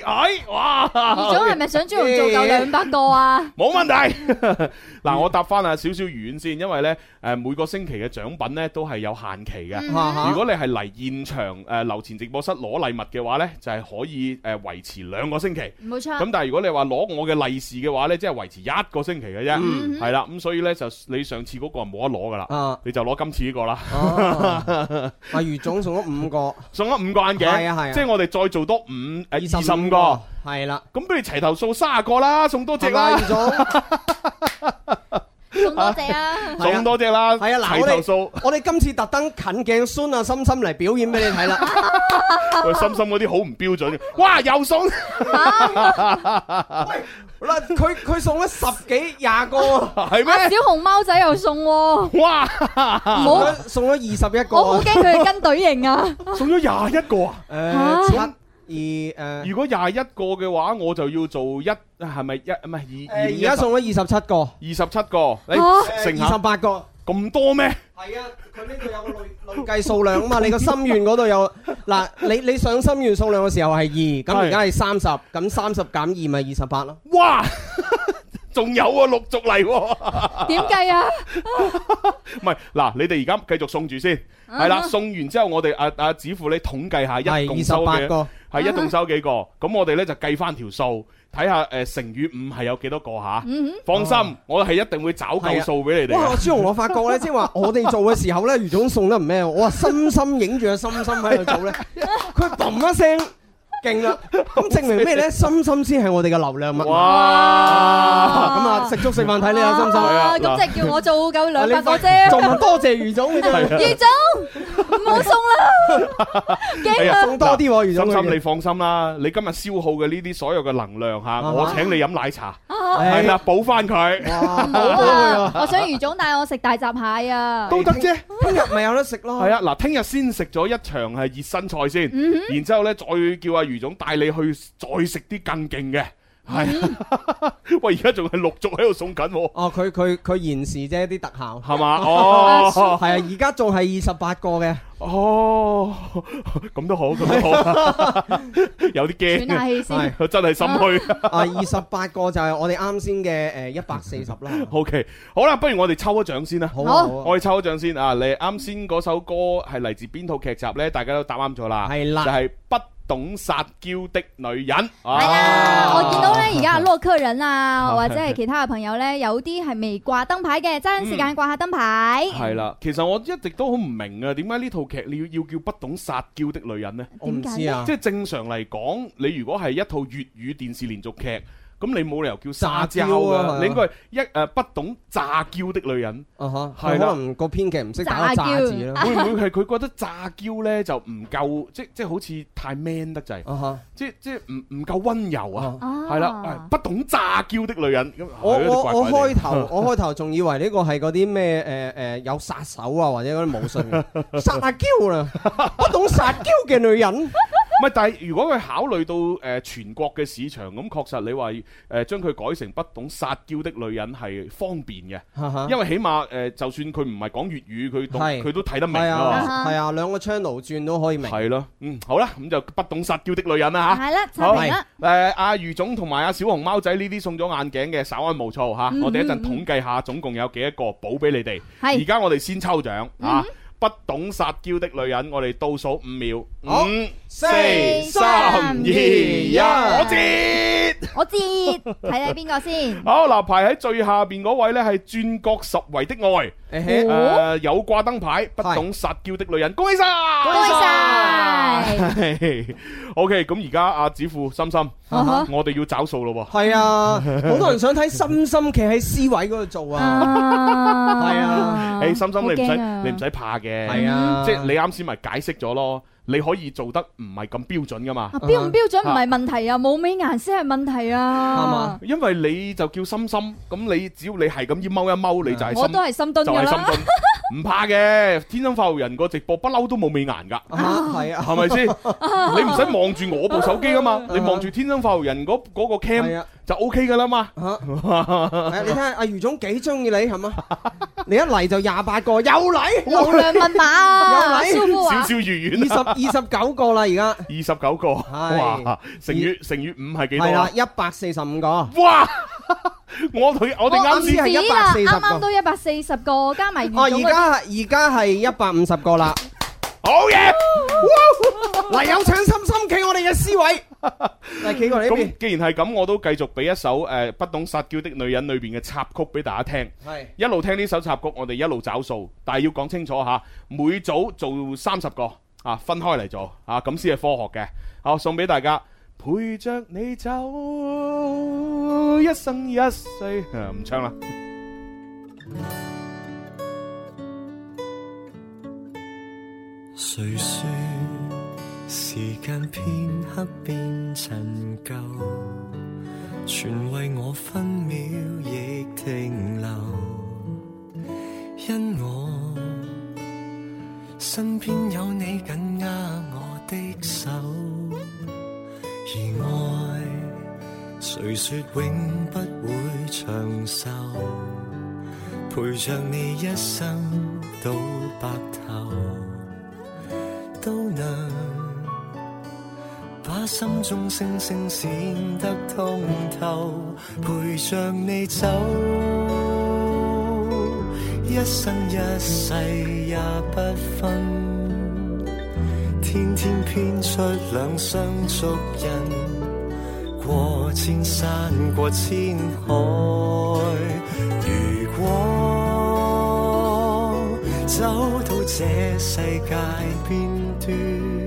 誒，哇！余 總係咪想專做夠兩百個啊？冇 問題。 嗱，我答翻啊少少遠先，因為呢誒每個星期嘅獎品呢都係有限期嘅。如果你係嚟現場誒流前直播室攞禮物嘅話呢，就係可以誒維持兩個星期。冇錯。咁但係如果你話攞我嘅利是嘅話呢，即係維持一個星期嘅啫。係啦，咁所以呢，就你上次嗰個冇得攞㗎啦。你就攞今次呢個啦。啊，魚總送咗五個，送咗五個眼鏡。即係我哋再做多五二十五個。係啦，咁不如齊頭數卅個啦，送多隻啦，送多隻啊，送多隻啦，係啊，齊頭數。我哋今次特登近鏡選阿心心嚟表演俾你睇啦。心心嗰啲好唔標準嘅，哇，又送。喂，嗱，佢佢送咗十幾廿個，係咩？小熊貓仔又送，哇，冇送咗二十一個，我好驚佢係跟隊型啊，送咗廿一個啊，誒，七。二誒，呃、如果廿一個嘅話，我就要做一，係咪一唔係二？而而家送咗二十七個，二十七個，啊、你乘下二十八個，咁多咩？係啊，佢呢度有個累累計數量啊嘛。 你個心願嗰度有嗱，你你上心願數量嘅時候係二是，咁而家係三十，咁三十減二咪二十八咯。哇嘩！ 仲有啊，陸續嚟點計啊？唔係嗱，你哋而家繼續送住先，係啦。送完之後，我哋阿阿子富，你統計下一共收幾係一共收幾個？咁我哋咧就計翻條數，睇下誒乘以五係有幾多個嚇。放心，我係一定會找夠數俾你哋。哇，朱紅，我發覺咧，即係話我哋做嘅時候咧，余總送得唔咩？我話深深影住個深深喺度做咧，佢揼一聲。勁啦！咁證明咩咧？深深先係我哋嘅流量啊。哇！咁啊，食粥食飯睇你有深深係啊！咁即係叫我做夠兩百個啫。仲多謝余總，余總唔好送啦！勁啊！送多啲，余總。深深，你放心啦，你今日消耗嘅呢啲所有嘅能量吓，我請你飲奶茶，係啦，補翻佢。唔好啊！我想余總帶我食大閘蟹啊！都得啫，聽日咪有得食咯。係啊，嗱，聽日先食咗一場係熱身菜先，然之後咧再叫阿。余總帶你去再食啲更勁嘅，係喂，而家仲係陸續喺度送緊。哦，佢佢佢延時啫，啲特效係嘛？哦，係啊，而家仲係二十八個嘅。哦，咁都好，咁都好，有啲驚。喘下氣先，係真係心虛。啊，二十八個就係我哋啱先嘅誒一百四十啦。O K，好啦，不如我哋抽一獎先啦。好，我哋抽一獎先啊！你啱先嗰首歌係嚟自邊套劇集咧？大家都答啱咗啦，係啦，就係不。懂撒嬌的女人係啦，我見到呢而家阿洛克人啊， 或者係其他嘅朋友呢，有啲係未掛燈牌嘅，趁時間掛下燈牌。係啦，嗯，其實我一直都好唔明啊，點解呢套劇你要要叫不懂撒嬌的女人呢？點解啊，我唔知啊，即係正常嚟講，你如果係一套粵語電視連續劇。咁你冇理由叫詐嬌啊嘛？你應該係一誒不懂詐嬌的女人，啊嚇，係啦，可能個編劇唔識打個詐字啦，會唔會係佢覺得詐嬌咧就唔夠，即即好似太 man 得滯，啊嚇，即即唔唔夠溫柔啊，係啦，不懂詐嬌的女人，我我我開頭我開頭仲以為呢個係嗰啲咩誒誒有殺手啊或者嗰啲武術殺阿嬌啊？不懂殺嬌嘅女人。唔係，但係如果佢考慮到誒、呃、全國嘅市場，咁、嗯、確實你話誒、呃、將佢改成不懂撒嬌的女人係方便嘅，uh huh. 因為起碼誒、呃、就算佢唔係講粵語，佢佢是都睇得明啊、uh huh. 啊，兩個 channel 轉都可以明。係咯、啊，嗯，好啦，咁就不懂撒嬌的女人啦嚇、啊。係啦、啊，阿余、呃啊、總同埋阿小熊貓仔呢啲送咗眼鏡嘅，稍安勿躁嚇。啊 mm hmm. 我哋一陣統計下總共有幾多個補俾你哋。而家、mm hmm. 我哋先抽獎嚇。不懂撒嬌的女人，我哋倒數五秒，五、四、三、二、一，我知， 我知，睇睇邊個先。好嗱，排喺最下邊嗰位呢，係轉角十圍的愛，啊嘿呃、有掛燈牌，哦、不懂撒嬌的女人，是恭喜晒，恭喜晒。OK，咁而家阿子富、心心，我哋要找數咯。係啊，哈 啊，好多人想睇心心企喺 C 位嗰度做啊。係啊，誒、 欸，心心你唔使，你唔使怕嘅。係啊，即係你啱先咪解釋咗咯，你可以做得唔係咁標準噶嘛？標唔標準唔係問題啊，冇美顏先係問題啊。因為你就叫深深，咁你只要你係咁要踎一踎，你就係我都係深蹲噶啦。唔怕嘅，天生發育人個直播不嬲都冇美顏噶，係啊，係咪先？你唔使望住我部手機啊嘛，你望住天生發育人嗰嗰個 cam 就 O K 嘅啦嘛。嚇，係啊，你睇下阿余總幾中意你係嘛？你一嚟就廿八個，又嚟，又嚟問馬啊，又嚟少少餘遠，二十二十九個啦，而家，二十九個，哇！乘以乘以五係幾多？係啦，一百四十五個。哇！我同我哋啱先係一百四十個，啱啱都一百四十個，加埋余總嘅。而家係一百五十個啦，好嘢！嗱，有請心心企我哋嘅 C 位，嚟企過呢邊。咁既然係咁，我都繼續俾一首誒《不懂撒嬌的女人》裏邊嘅插曲俾大家聽，係是一路聽呢首插曲，我哋一路找數，但係要講清楚吓，每組做三十個啊，分開嚟做啊，咁先係科學嘅。好，送俾大家陪着你走，一生一世，唔、啊、唱啦。 誰說時間片刻變陳舊？全為我分秒亦停留。因我身邊有你緊握我的手，而愛誰說永不會長壽？陪着你一生到白頭。把心中星星閃得通透，陪着你走，一生一世也不分。天天編出兩雙足印，過千山過千海。如果走到這世界邊端。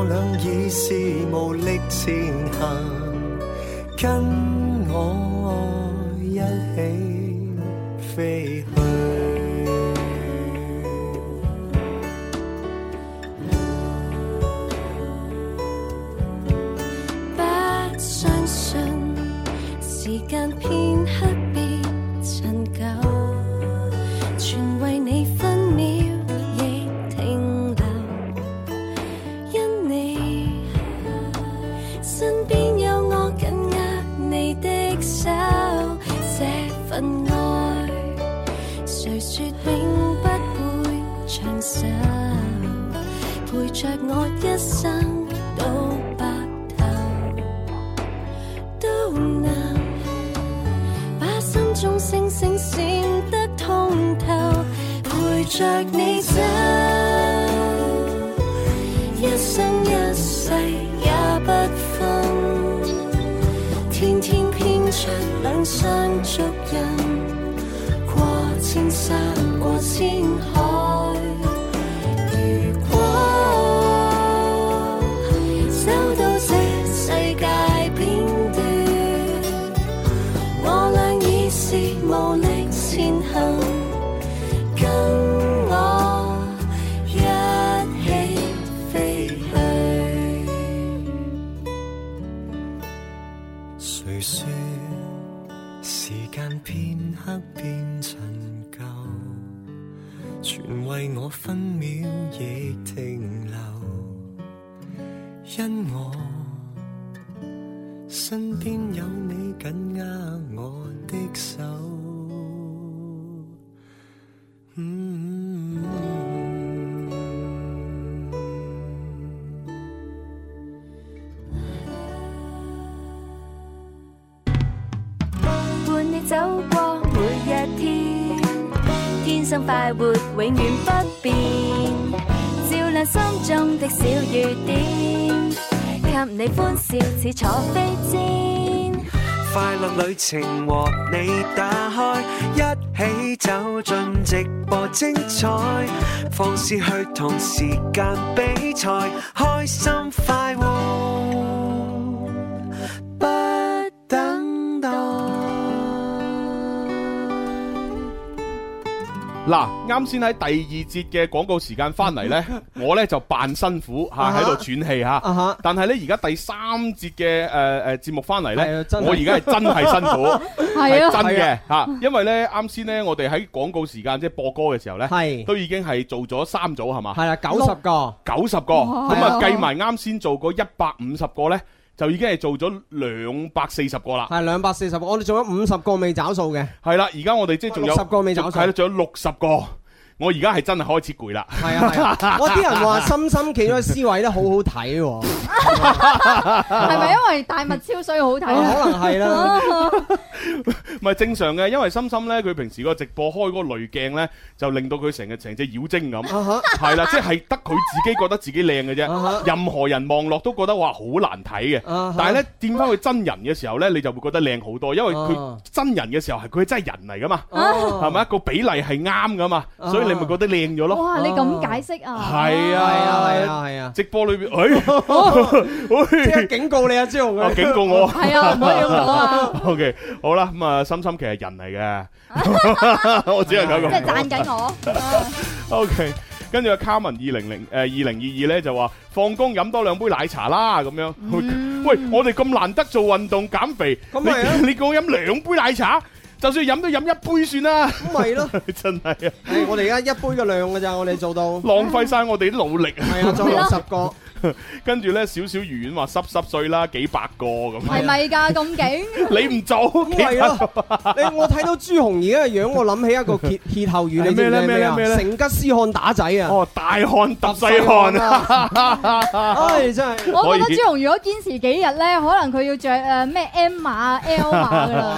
我倆已是無力前行。 跟我身邊有你緊握我的手。旅程和你打開，一起走進直播精彩，放肆去同時間比賽，開心快。嗱，啱先喺第二節嘅廣告時間翻嚟呢，我呢就扮辛苦嚇喺度喘氣嚇。但係呢，而家第三節嘅誒誒節目翻嚟呢，我而家係真係辛苦，係真嘅嚇。因為呢，啱先呢，我哋喺廣告時間即係播歌嘅時候呢，都已經係做咗三組係嘛？係啦，九十個，九十個咁啊，計埋啱先做嗰一百五十個呢。就已經係做咗兩百四十個啦，係兩百四十個，我哋仲有五十個未找數嘅，係啦，而家我哋即係仲有六十個未找數，係啦，仲有六十個。我而家係真係開始攰啦！係嚇啊壞，我啲 人話深深企咗思位都好、哦、好睇喎、哦，係 咪因為大物超衰好睇、 啊、可能係啦，唔係 正常嘅，因為深深咧，佢平時個直播開嗰個濾鏡咧，就令到佢成日成隻妖精咁，係、uh huh. 啦，即係得佢自己覺得自己靚嘅啫，uh huh. 任何人望落都覺得話好難睇嘅，uh huh. 但係咧見翻佢真人嘅時候咧，uh huh. 你就會覺得靚好多，因為佢真人嘅時候係佢真係人嚟噶嘛，係咪啊？Huh. Uh huh. 個比例係啱噶嘛，所以。你咪覺得靚咗咯？哇！你咁解釋啊？係啊係啊係啊係啊！直播裏邊，哎，即係警告你啊，朱紅！我警告我，係啊，唔可以咁講啊！OK，好啦，咁啊，心心其實人嚟嘅，我只能夠咁。即係讚緊我。OK，跟住阿卡文二零零誒二零二二咧就話放工飲多兩杯奶茶啦咁樣。喂，我哋咁難得做運動減肥，咁咪啊？你叫我飲兩杯奶茶？就算飲都飲一杯算是啦 是， 咪咯，真係啊！係我哋而家一杯嘅量㗎咋，我哋做到，浪費晒我哋啲努力啊！係啊，再落十個。跟住咧少少魚丸話濕濕碎啦，幾百個咁。係咪㗎？咁勁！你唔做，咁係咯。你我睇到朱紅而家嘅樣，我諗起一個歇歇後語。你咩咧？咩咧？成吉思汗打仔啊！哦，大汗揼細汗啊！唉，真係。我覺得朱紅如果堅持幾日咧，可能佢要著誒咩 M 碼、L 碼㗎啦。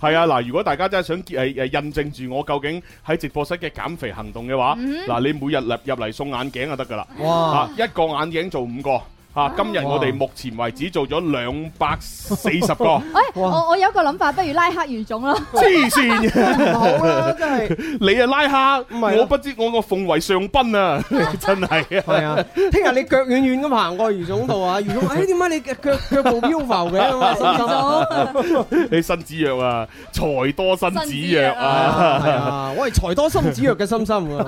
係啊，嗱，如果大家真係想誒誒印證住我究竟喺直播室嘅減肥行動嘅話，嗱，你每日入入嚟送眼鏡就得㗎啦。哇！一個眼鏡。做五個。啊！今日我哋目前為止做咗兩百四十個。誒，我我有一個諗法，不如拉黑余總啦。黐線，好啦，真係你啊，拉黑，唔係，我不知我個奉為上賓啊，真係啊。係啊，聽日你腳遠遠咁行過余總度啊，余總，誒點解你腳腳步飄浮嘅？你身子弱啊，財多身子弱啊。係啊，我係，財多身子弱嘅心心。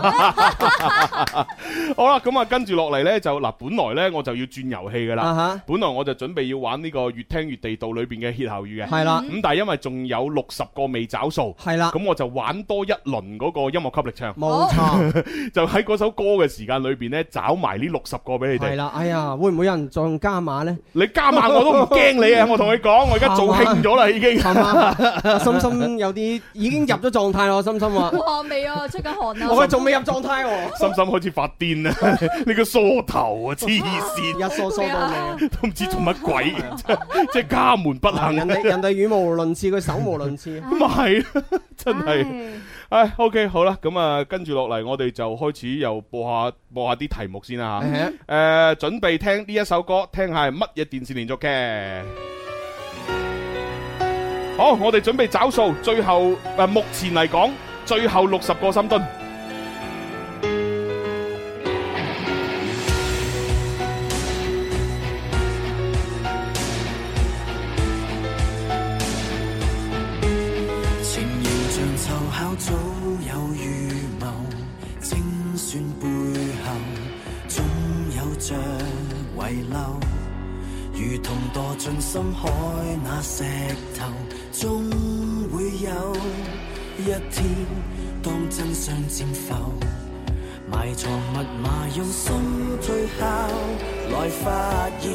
好啦，咁啊，跟住落嚟咧就嗱，本來咧我就要轉入遊戲噶啦，本來我就準備要玩呢個越聽越地道裏邊嘅歇後語嘅。係啦，咁但係因為仲有六十個未找數，係啦，咁我就玩多一輪嗰個音樂吸力唱，冇錯，就喺嗰首歌嘅時間裏邊咧找埋呢六十個俾你哋，係啦，哎呀，會唔會有人再加碼咧？你加碼我都唔驚你啊！我同你講，我而家做輕咗啦，已經。深深有啲已經入咗狀態咯，深深話。哇，未啊，出緊汗啊。我係仲未入狀態，深深開始發癲啦，你個梳頭啊，黐線。傻到咩？都唔知做乜鬼，即係即係家門不幸。人哋人哋語無倫次，佢手無倫次，唔係，真係，唉，OK，好啦，咁啊跟住落嚟，我哋就開始又播下播下啲題目先啦吓，誒，準備聽呢一首歌，聽下係乜嘢電視連續劇？好，我哋準備找數，最後誒目前嚟講，最後六十個深蹲。早有預謀，清算背後總有着遺留，如同墮進深海那石頭，終會有一天當真相漸浮，埋藏密碼用心推敲來發現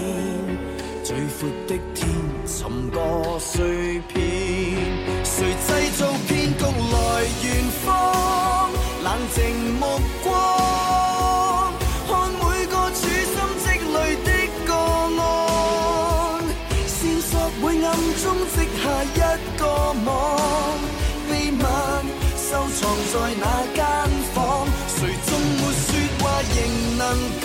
最闊的天，尋個碎片，誰製造？靜目光，看每個處心積慮的個案，線索會暗中織下一個網。秘密收藏在那間房，誰縱沒說話仍能。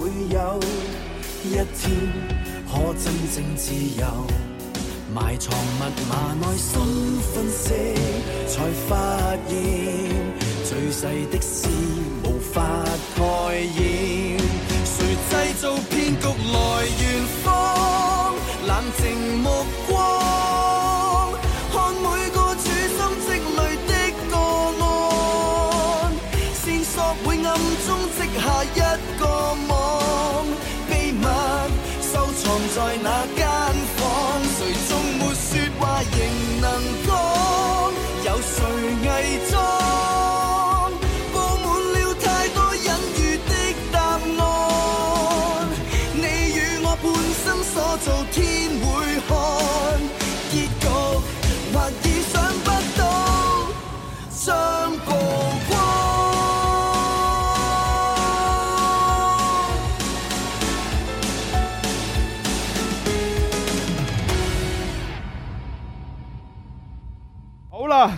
有一天可真正自由，埋藏密碼，內心分析，才發現最細的事無法蓋掩。誰製造騙局來圓謊？冷靜目光。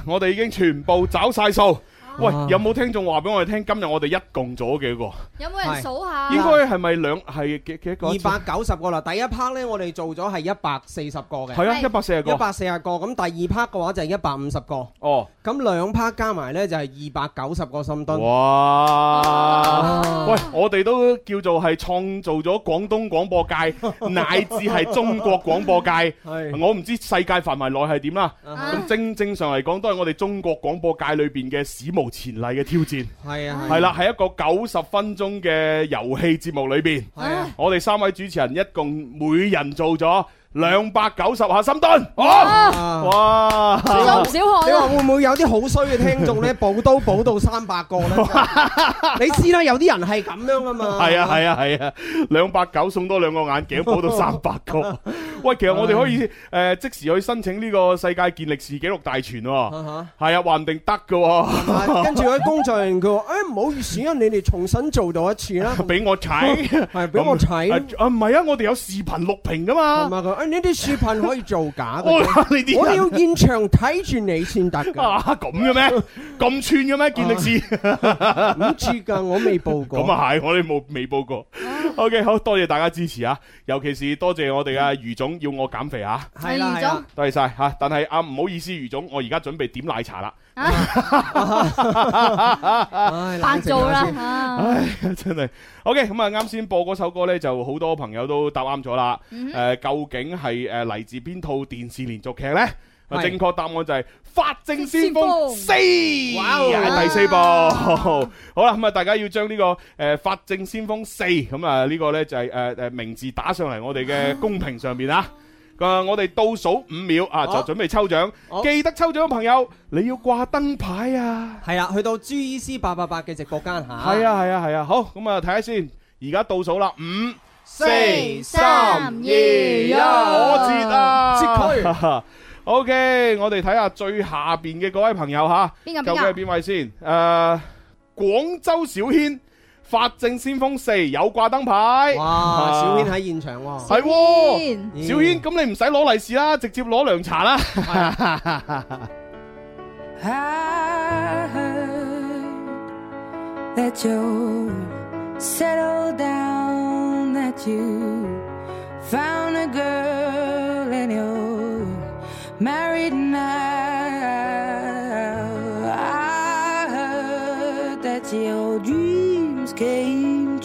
我哋已經全部找晒數。喂，有冇聽眾話俾我哋聽今日我哋一共咗幾個？有冇人數下？應該係咪兩係幾幾，幾個？二百九十個啦。第一 part 咧，我哋做咗係一百四十個嘅。係啊，一百四十個一百四十個，咁第二 part 嘅話就係一百五十個哦。咁兩 part 加埋咧就係二百九十個深蹲。哇！啊、喂，我哋都叫做係創造咗廣東廣播界， 乃至係中國廣播界。 是我唔知世界範圍內係點啦。咁、啊、哈正正常嚟講都係我哋中國廣播界裏邊嘅史無無前例嘅挑戰，係啊，係啦、啊，係、啊、一個九十分鐘嘅遊戲節目裏邊，啊、我哋三位主持人一共每人做咗兩百九十下深蹲，哇！少唔少汗？你話會唔會有啲好衰嘅聽眾咧，補刀補到三百個咧？你知啦，有啲人係咁樣噶嘛。係啊係啊係啊！兩百九送多兩個眼鏡，補到三百個。喂，其實我哋可以誒即時去申請呢個世界健力士紀錄大全喎。係啊，話唔定得噶。跟住嗰工作人員佢話，誒，唔好意思啊，你哋重新做多一次啦。俾我睇，係俾我睇。啊唔係啊，我哋有視頻錄屏噶嘛。呢啲、啊、視頻可以造假噶。 些我要現場睇住你先得噶。咁嘅咩？咁串嘅咩？健力士唔串噶，我未報過。咁啊係，我哋冇未報過。OK，好多謝大家支持啊！尤其是多謝我哋啊余總要我減肥啊，余總，啊啊、多謝晒吓、啊。但係啊唔好意思，余總，我而家準備點奶茶啦。啊！扮做啦唉，真係。O.K. 咁、嗯、啊，啱先播嗰首歌呢，就好多朋友都答啱咗啦。誒、嗯哼呃，究竟係誒嚟自邊套電視連續劇呢？是正確答案就係、是《法證先鋒四》。是哇！第四部。啊、好啦，咁、嗯、啊，大家要將呢、這個誒、呃《法證先鋒四、嗯》咁啊呢個呢，就係誒誒名字打上嚟我哋嘅公屏上面啊。啊啊！我哋倒數五秒啊，就準備抽獎。哦、記得抽獎嘅朋友，你要掛燈牌啊。係啊，去到 G E C 八八八嘅直播間吓。係啊，係啊，係啊，啊。好，咁、嗯、啊，睇下先。而家倒數啦，五、四、三、二、一，我知啊，接佢。OK，我哋睇下最下邊嘅嗰位朋友吓，啊、個究竟係邊位先？誒個，廣、啊、州小軒。法證先鋒四有掛燈牌，哇！是小軒喺現場喎，係喎，小軒，咁你唔使攞利是啦，直接攞涼茶啦。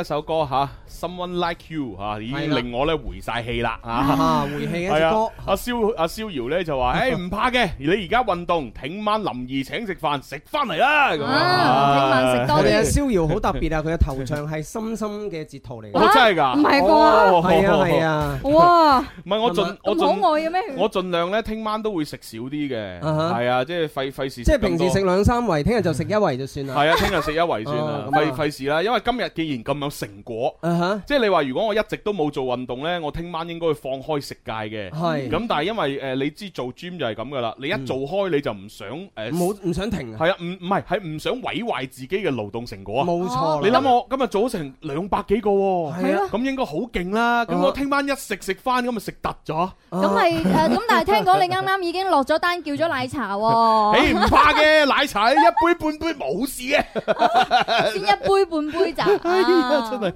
一首歌嚇。哈。Someone like you 嚇，已經令我咧回晒氣啦嚇。回氣嘅阿蕭阿蕭瑤咧就話，誒唔怕嘅，你而家運動，聽晚林二請食飯，食翻嚟啦咁啊！聽晚食多啲。蕭瑤好特別啊，佢嘅頭像係深深嘅截圖嚟嘅。我真係㗎，唔係啩？係啊係啊，哇！唔係我盡我盡，咁可愛嘅咩？我盡量咧，聽晚都會食少啲嘅。係啊，即係費費事。即係平時食兩三圍，聽日就食一圍就算啦。係啊，聽日食一圍算啦，費費事啦。因為今日既然咁有成果。即係你話如果我一直都冇做運動呢，我聽晚應該會放開食戒嘅。係咁是，但係因為誒、呃，你知做 gym 就係咁噶啦，你一做開你就唔想誒，冇、呃、唔想停。係啊，唔唔係係唔想毀壞自己嘅勞動成果啊。冇錯、啊，你諗我是今日做咗成兩百幾個，係啊，咁應該好勁啦。咁我聽晚一食食翻，咁咪食突咗。咁係誒、咁、啊、 但係聽講你啱啱已經落咗單叫咗奶茶喎、啊。誒唔、 欸、怕嘅，奶茶一杯半杯冇事嘅， 先一杯半杯咋。真 係、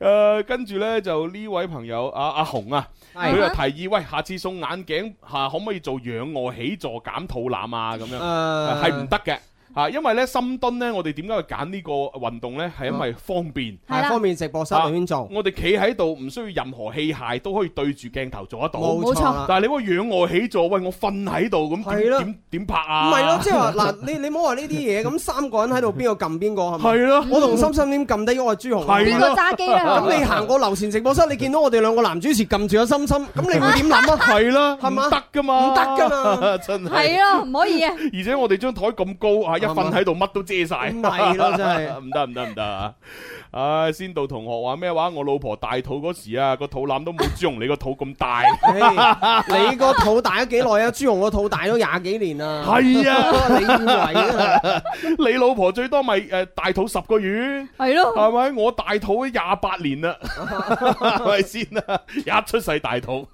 哎。誒、呃，跟住呢，就呢位朋友阿阿紅啊，佢、啊、又提議、uh huh. 喂，下次送眼鏡吓、啊，可唔可以做仰卧起坐減肚腩啊？咁樣，係唔得嘅。呃啊，因為咧深蹲咧，我哋點解揀呢個運動咧？係因為方便，方便直播室裏邊做。我哋企喺度，唔需要任何器械，都可以對住鏡頭做得到。冇錯。但係你嗰個仰卧起坐，喂我瞓喺度咁點點拍啊？唔係咯，即係話嗱，你你唔好話呢啲嘢。咁三個人喺度，邊個撳邊個係咪？係咯。我同心心點撳低，嗰個朱紅邊個揸機啊？咁你行過樓前直播室，你見到我哋兩個男主持撳住咗心心，咁你點諗啊？係啦，係咪？唔得噶嘛？唔得噶嘛？真係。係咯，唔可以啊。而且我哋張台咁高係。一瞓喺度，乜都遮晒，唔係咯，真係。唔得， 唔得，唔得啊！ 唉、啊，先到同學話咩話？我老婆大肚嗰時啊，個肚腩都冇豬紅你個肚咁大。 你個肚大咗 幾耐 啊？豬紅個肚大咗廿幾年啊？係啊，你以為啊？ 你老婆最多咪誒、呃、大肚十個月？係咯的，係咪？我大肚廿八年啦，係先啊？一出世大肚，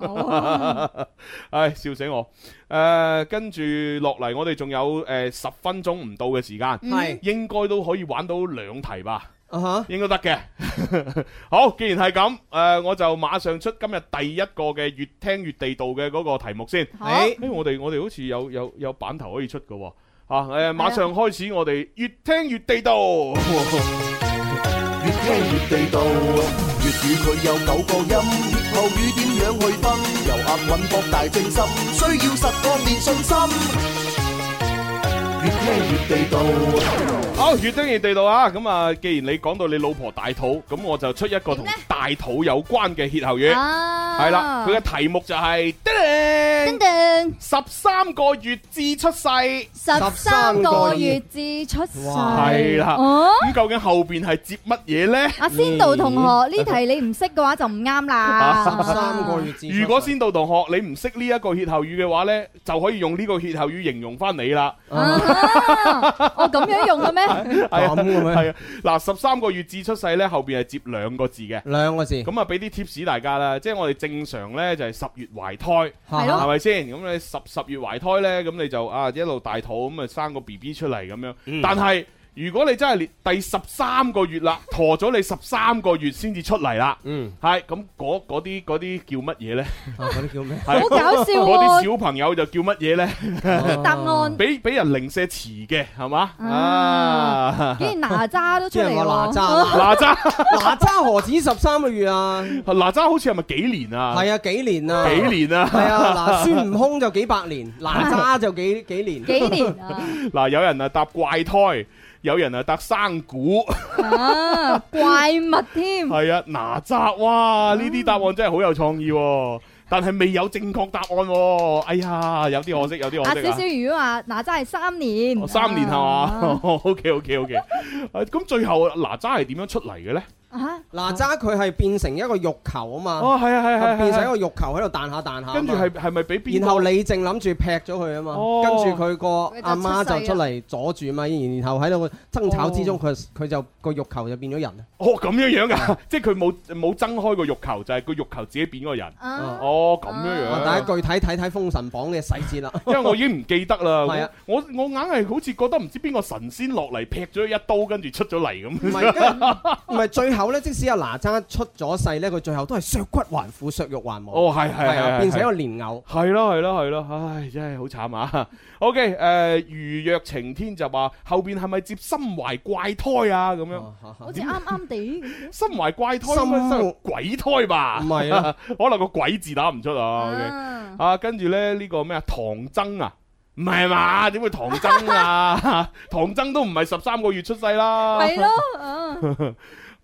唉，笑死我！誒、呃，跟住落嚟，我哋仲有誒十分鐘唔到嘅時間，係應該都可以玩到兩題吧。啊哈，uh huh. 應該得嘅。 好，既然係咁，誒、呃，我就馬上出今日第一個嘅越聽越地道嘅嗰個題目先。係、uh，因、huh. 欸、我哋我哋好似有有有版頭可以出嘅，吓、啊、誒、呃，馬上開始我哋越,越, 越聽越地道。越聽越地道，粵語佢有九個音，粵口語點樣去分？由押韻博大精深，需要十個練信心。越、哦、地道？好，越聽越地道啊！咁啊，既然你講到你老婆大肚，咁、啊、我就出一個同大肚有關嘅歇後語，係啦、啊，佢嘅題目就係、是、叮叮十三個月至出世，十三個月至出世係啦。咁究竟後邊係接乜嘢呢？阿仙道同學呢題你唔識嘅話就唔啱啦。啊啊、如果仙道同學你唔識呢一個歇後語嘅話呢，就可以用呢個歇後語形容翻你啦。啊啊啊！ 我咁樣用嘅咩？係啊，係 啊。嗱、啊，十三個月至出世咧，後邊係接兩個字嘅，兩個字。咁、就是、啊，俾啲貼士大家啦。即係我哋正常咧，就係十月懷胎，係咪先？咁你十十月懷胎咧，咁你就啊一路大肚，咁啊生個 B B 出嚟，咁樣。嗯、但係。如果你真係連第十三個月啦，陀咗你十三個月先至出嚟啦。嗯，係咁，嗰啲啲叫乜嘢咧？嗰啲叫咩？好搞笑！嗰啲小朋友就叫乜嘢咧？答案俾俾人零舍遲嘅，係嘛？啊！竟然哪吒都出嚟啦！哪吒，哪吒，哪吒何止十三個月啊？哪吒好似係咪幾年啊？係啊，幾年啊？幾年啊？係啊！孫悟空就幾百年，哪吒就幾幾年？幾年？嗱，有人啊搭怪胎。有人山啊，搭生股啊，怪物添，係啊，哪吒，哇，呢啲答案真係好有創意，啊，但係未有正確答案，啊，哎呀，有啲可惜，有啲可惜。啊。阿、啊、小小魚，如果話哪吒係三年，哦、三年係嘛、啊、？OK OK OK，咁、 啊、最後哪吒係點樣出嚟嘅咧？啊！哪吒佢係變成一個肉球啊嘛，哦係啊係啊，係變成一個肉球喺度彈下彈下，跟住係係咪俾然後李靖諗住劈咗佢啊嘛，跟住佢個阿媽就出嚟阻住啊嘛，然然後喺度爭吵之中佢佢就個肉球就變咗人，哦咁樣樣噶，即係佢冇冇爭開個肉球，就係個肉球自己變咗個人，哦咁樣樣，大家具體睇睇《封神榜》嘅細節啦，因為我已經唔記得啦，係啊，我我硬係好似覺得唔知邊個神仙落嚟劈咗一刀，跟住出咗嚟咁，係唔係最。後咧，即使阿嗱吒出咗世咧，佢最後都係削骨還父，削肉還母。哦，係係啊，變成一個蓮藕。係咯係咯係咯，唉，真係好慘啊！OK，誒，如若晴天就話後邊係咪接心懷怪胎啊？咁樣好似啱啱地，心懷怪胎，心懷鬼胎吧？唔係啊，可能個鬼字打唔出啊。啊，跟住咧呢個咩啊？唐僧啊，唔係嘛？點會唐僧啊？唐僧都唔係十三個月出世啦。係咯。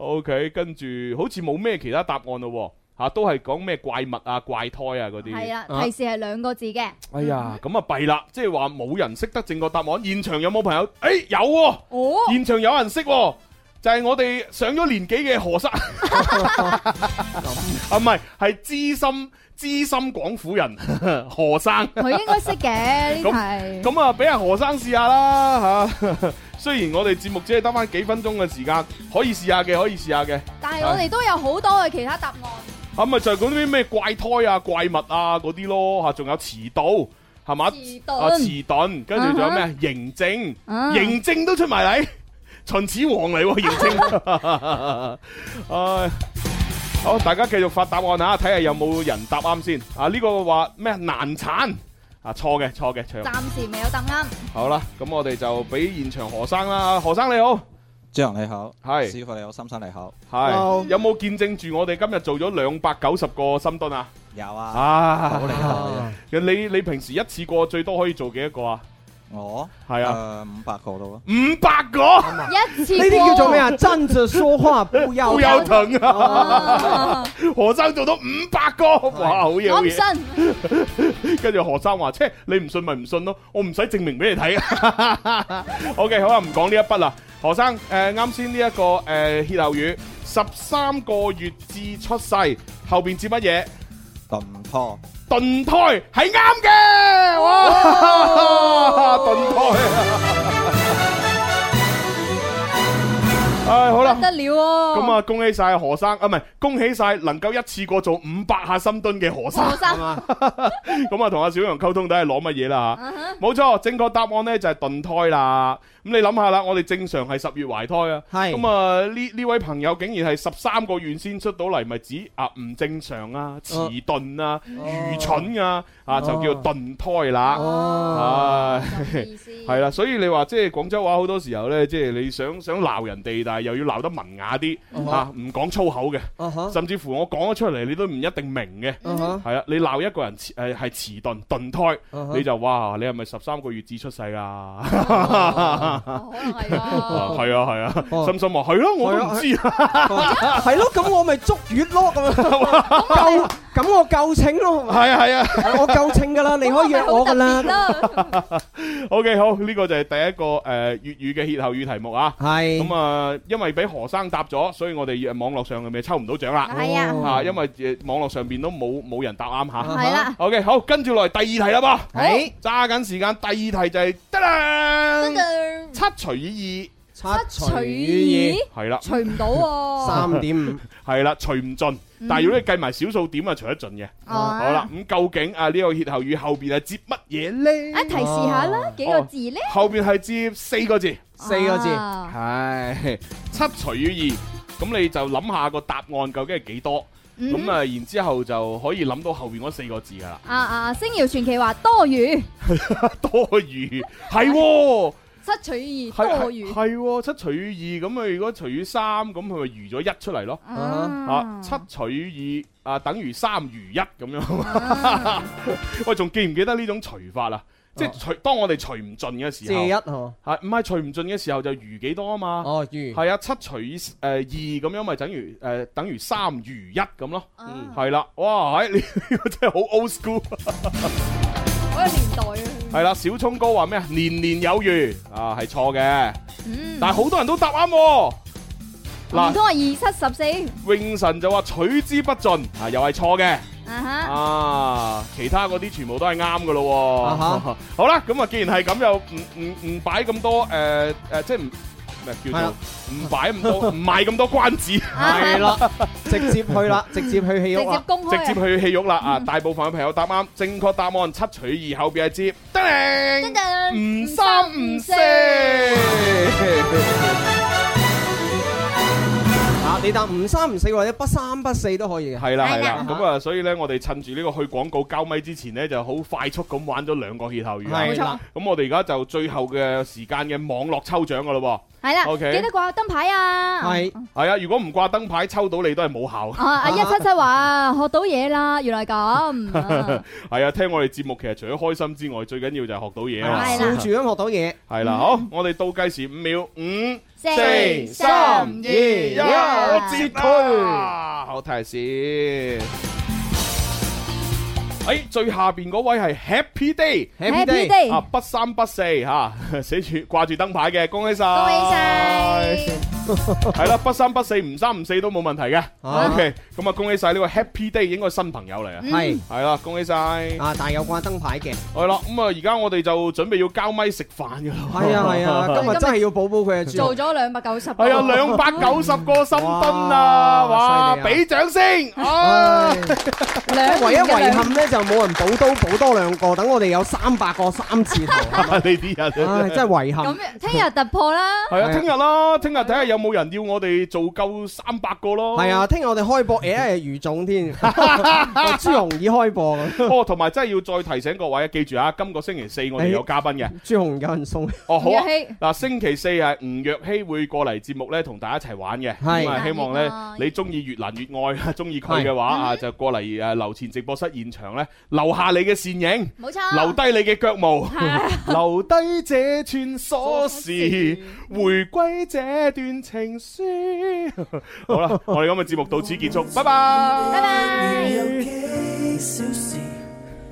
O K，跟住好似冇咩其他答案咯，吓、啊、都係講咩怪物啊、怪胎啊嗰啲。係啦，提示係兩個字嘅，啊。哎呀，咁啊弊啦，即係話冇人識得正確答案。現場有冇朋友？誒、欸，有、啊、哦。現場有人識，啊，就係、是、我哋上咗年紀嘅何生。 啊，唔係，係資深資深廣府人何生，佢應該識嘅呢個係。咁 啊，俾阿何生試下啦，吓。雖然我哋節目只係得翻幾分鐘嘅時間，可以試下嘅，可以試下嘅。但係我哋都有好多嘅其他答案。咁咪就嗰啲咩怪胎啊、怪物啊嗰啲咯，吓，仲有遲到係嘛？遲鈍，遲鈍頓，跟住仲有咩？嬴政，嬴政、啊、都出埋嚟，、啊，秦始皇嚟、啊，嬴政。唉、 啊，好，大家繼續發答案吓，睇下有冇人答啱先。啊，呢、這個話咩？難產。啊錯嘅錯嘅，暫時未有答啱。好啦，咁我哋就俾現場何生啦，何生你好，志雄你好，係師傅你好，森生你好，係有冇見證住我哋今日做咗兩百九十個深蹲啊？有啊，好，你好！你你平時一次過最多可以做幾多個啊？哦，係我啊，五百、呃、個咯，五百個，呢啲、啊、 叫做咩啊？站着說話不腰腰疼啊！ 動 何生做到五百個，的哇，好嘢！跟住 何生話：，即係你唔信咪唔信咯，我唔使證明俾你睇。啊！」OK，好啦，唔講呢一筆啦。何生，誒、呃，啱先呢一個誒歇後語，十、呃、三個月至出世，後邊接乜嘢？燉湯。盾胎係啱嘅，哇！盾胎，唉，好啦，不得了哦！咁啊，恭喜晒何生，啊，唔係，恭喜晒能夠一次過做五百下深蹲嘅何生，咁啊，同阿小楊溝通睇下攞乜嘢啦吓，冇錯，正確答案呢就係盾胎啦。咁你諗下啦，我哋正常係十月懷胎啊。係咁啊，呢呢位朋友竟然係十三個月先出到嚟，咪指啊唔正常啊遲鈍啊愚蠢啊，啊就叫鈍胎啦。係係啦，所以你話即係廣州話好多時候呢，即係你想想鬧人哋，但係又要鬧得文雅啲啊，唔講粗口嘅，甚至乎我講咗出嚟，你都唔一定明嘅。係啊，你鬧一個人係係遲鈍鈍胎，你就哇，你係咪十三個月至出世啊？係啊係啊， 啊啊啊啊心心話係咯，我都唔知啦、啊，係咯、啊，咁、 啊啊啊、我咪捉魚咯，咁樣咁我夠稱咯，係啊係啊，我夠稱噶啦，你可以約我噶啦。O K，好，呢個就係第一個誒粵語嘅歇後語題目啊。係，咁啊，因為俾何生答咗，所以我哋網絡上嘅咪抽唔到獎啦。係啊，吓，因為誒網絡上邊都冇冇人答啱吓。係啦。O K，好，跟住落嚟第二題啦噃。好，揸緊時間，第二題就係得啦，七除以二。七除以二係啦，除唔到喎。三點五係啦，除唔盡。但係如果你計埋小數點啊，除得盡嘅。好啦，咁究竟啊呢個歇後語後邊係接乜嘢咧？啊，提示下啦，幾個字咧？後邊係接四個字，四個字係七除以二。咁你就諗下個答案究竟係幾多？咁啊，然之後就可以諗到後邊嗰四個字噶啦。啊啊！星耀傳奇話多餘，多餘係七除以二多餘係喎，七除以二咁啊！如果除以三咁，佢咪餘咗一出嚟咯？啊，啊，七除以二啊，等於三餘一咁樣。啊、 喂，仲記唔記得呢種除法啊？啊即係除當我哋除唔盡嘅時候，一係唔係除唔盡嘅時候就餘幾多啊嘛？哦、啊，餘係啊，七除以誒、呃、二咁樣咪等於誒、呃、等於三餘一咁咯？嗯，係啦，哇！你、哎呢個、真係好 old school 嗰個 年代係啦，小聰哥話咩啊？年年有餘啊，係錯嘅。嗯、但係好多人都答啱、哦。嗱、嗯，唔通係二七十四？永神就話取之不盡啊，又係錯嘅。啊哈、uh！Huh. 啊，其他嗰啲全部都係啱噶咯。啊、uh huh. 好啦，咁啊，既然係咁，又唔唔唔擺咁多誒誒、呃呃呃，即係唔。咩叫做唔擺咁多，唔賣咁多關子，係啦，直接去啦，直接，啊、直接去戲屋，直接去戲屋啦，啊！大部分嘅朋友答啱，正確答案七取二後邊係接得令，唔三唔四。你答唔三唔四或者不三不四都可以嘅，係啦係啦，咁啊，所以咧，我哋趁住呢個去廣告交咪之前咧，就好快速咁玩咗兩個歇後語，係啦。咁我哋而家就最後嘅時間嘅網絡抽獎噶咯喎，係啦。OK，記得掛燈牌啊，係，係啊。如果唔掛燈牌，抽到你都係冇效嘅。啊啊！一七七話學到嘢啦，原來咁。係啊，聽我哋節目其實除咗開心之外，最緊要就係學到嘢啊嘛，係啦，笑住咁學到嘢。係啦，好，我哋倒計時五秒，五。四、三 Yeah.、啊、二、一， 接通。好提示。誒，最下邊嗰位係 Happy Day，Happy Day 啊，不三不四吓，寫住掛住燈牌嘅，恭喜晒，恭喜晒，係啦，不三不四，唔三唔四都冇問題嘅，OK，咁啊，恭喜晒呢個 Happy Day，應該係新朋友嚟，啊，係，係啦，恭喜晒，啊，但係有掛燈牌嘅，係啦，咁啊，而家我哋就準備要交咪食飯噶啦，係啊，係啊，今日真係要補補佢，做咗兩百九十，係啊，兩百九十個深蹲啊，哇，俾掌聲啊，唯一遺憾咧。又冇人補刀，補多兩個。等我哋有三百個三次圖，呢啲人唉，真係遺憾。咁聽日突破啦，係啊，聽日啦，聽日睇下有冇人要我哋做夠三百個咯。係啊，聽日我哋開播誒，係余總添，朱紅已開播。哦，同埋真係要再提醒各位記住啊，今個星期四我哋有嘉賓嘅朱紅有人送。哦好，嗱星期四係吳若希會過嚟節目咧，同大家一齊玩嘅。係希望咧，你中意越難越愛，中意佢嘅話啊，就過嚟誒樓前直播室現場咧。留下你嘅倩影，冇錯錯，留低你嘅腳毛， 留低這串鎖匙，匙回歸這段情書。 好啦吧， 我哋今日節目到此結束， 拜拜，拜拜。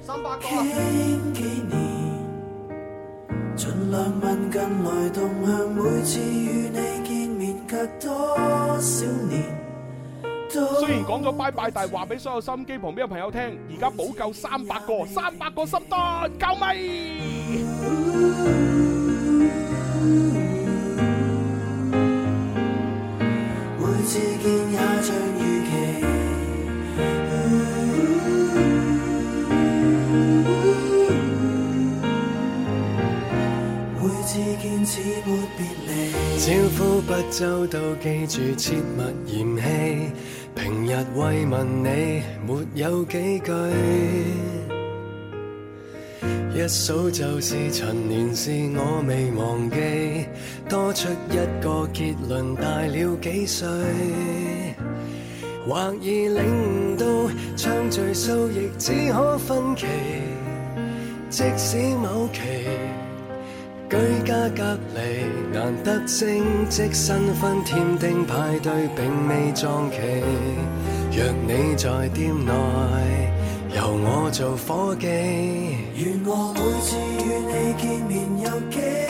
三百多 雖然講咗拜拜，但係話俾所有收音機旁邊嘅朋友聽，而家補夠三百個，三百個心丹夠未？每次見也像預期，每次見似沒別離，招呼不周到，記住切勿嫌棄。平日慰問你沒有幾句，一數就是陳年事，我未忘記。多出一個結論，大了幾歲，或已領悟到暢聚數亦只可分期，即使某期。居家隔離難得升職、新婚、添丁派對並未撞期。若你在店內，由我做伙記。願我每次與你見面有機。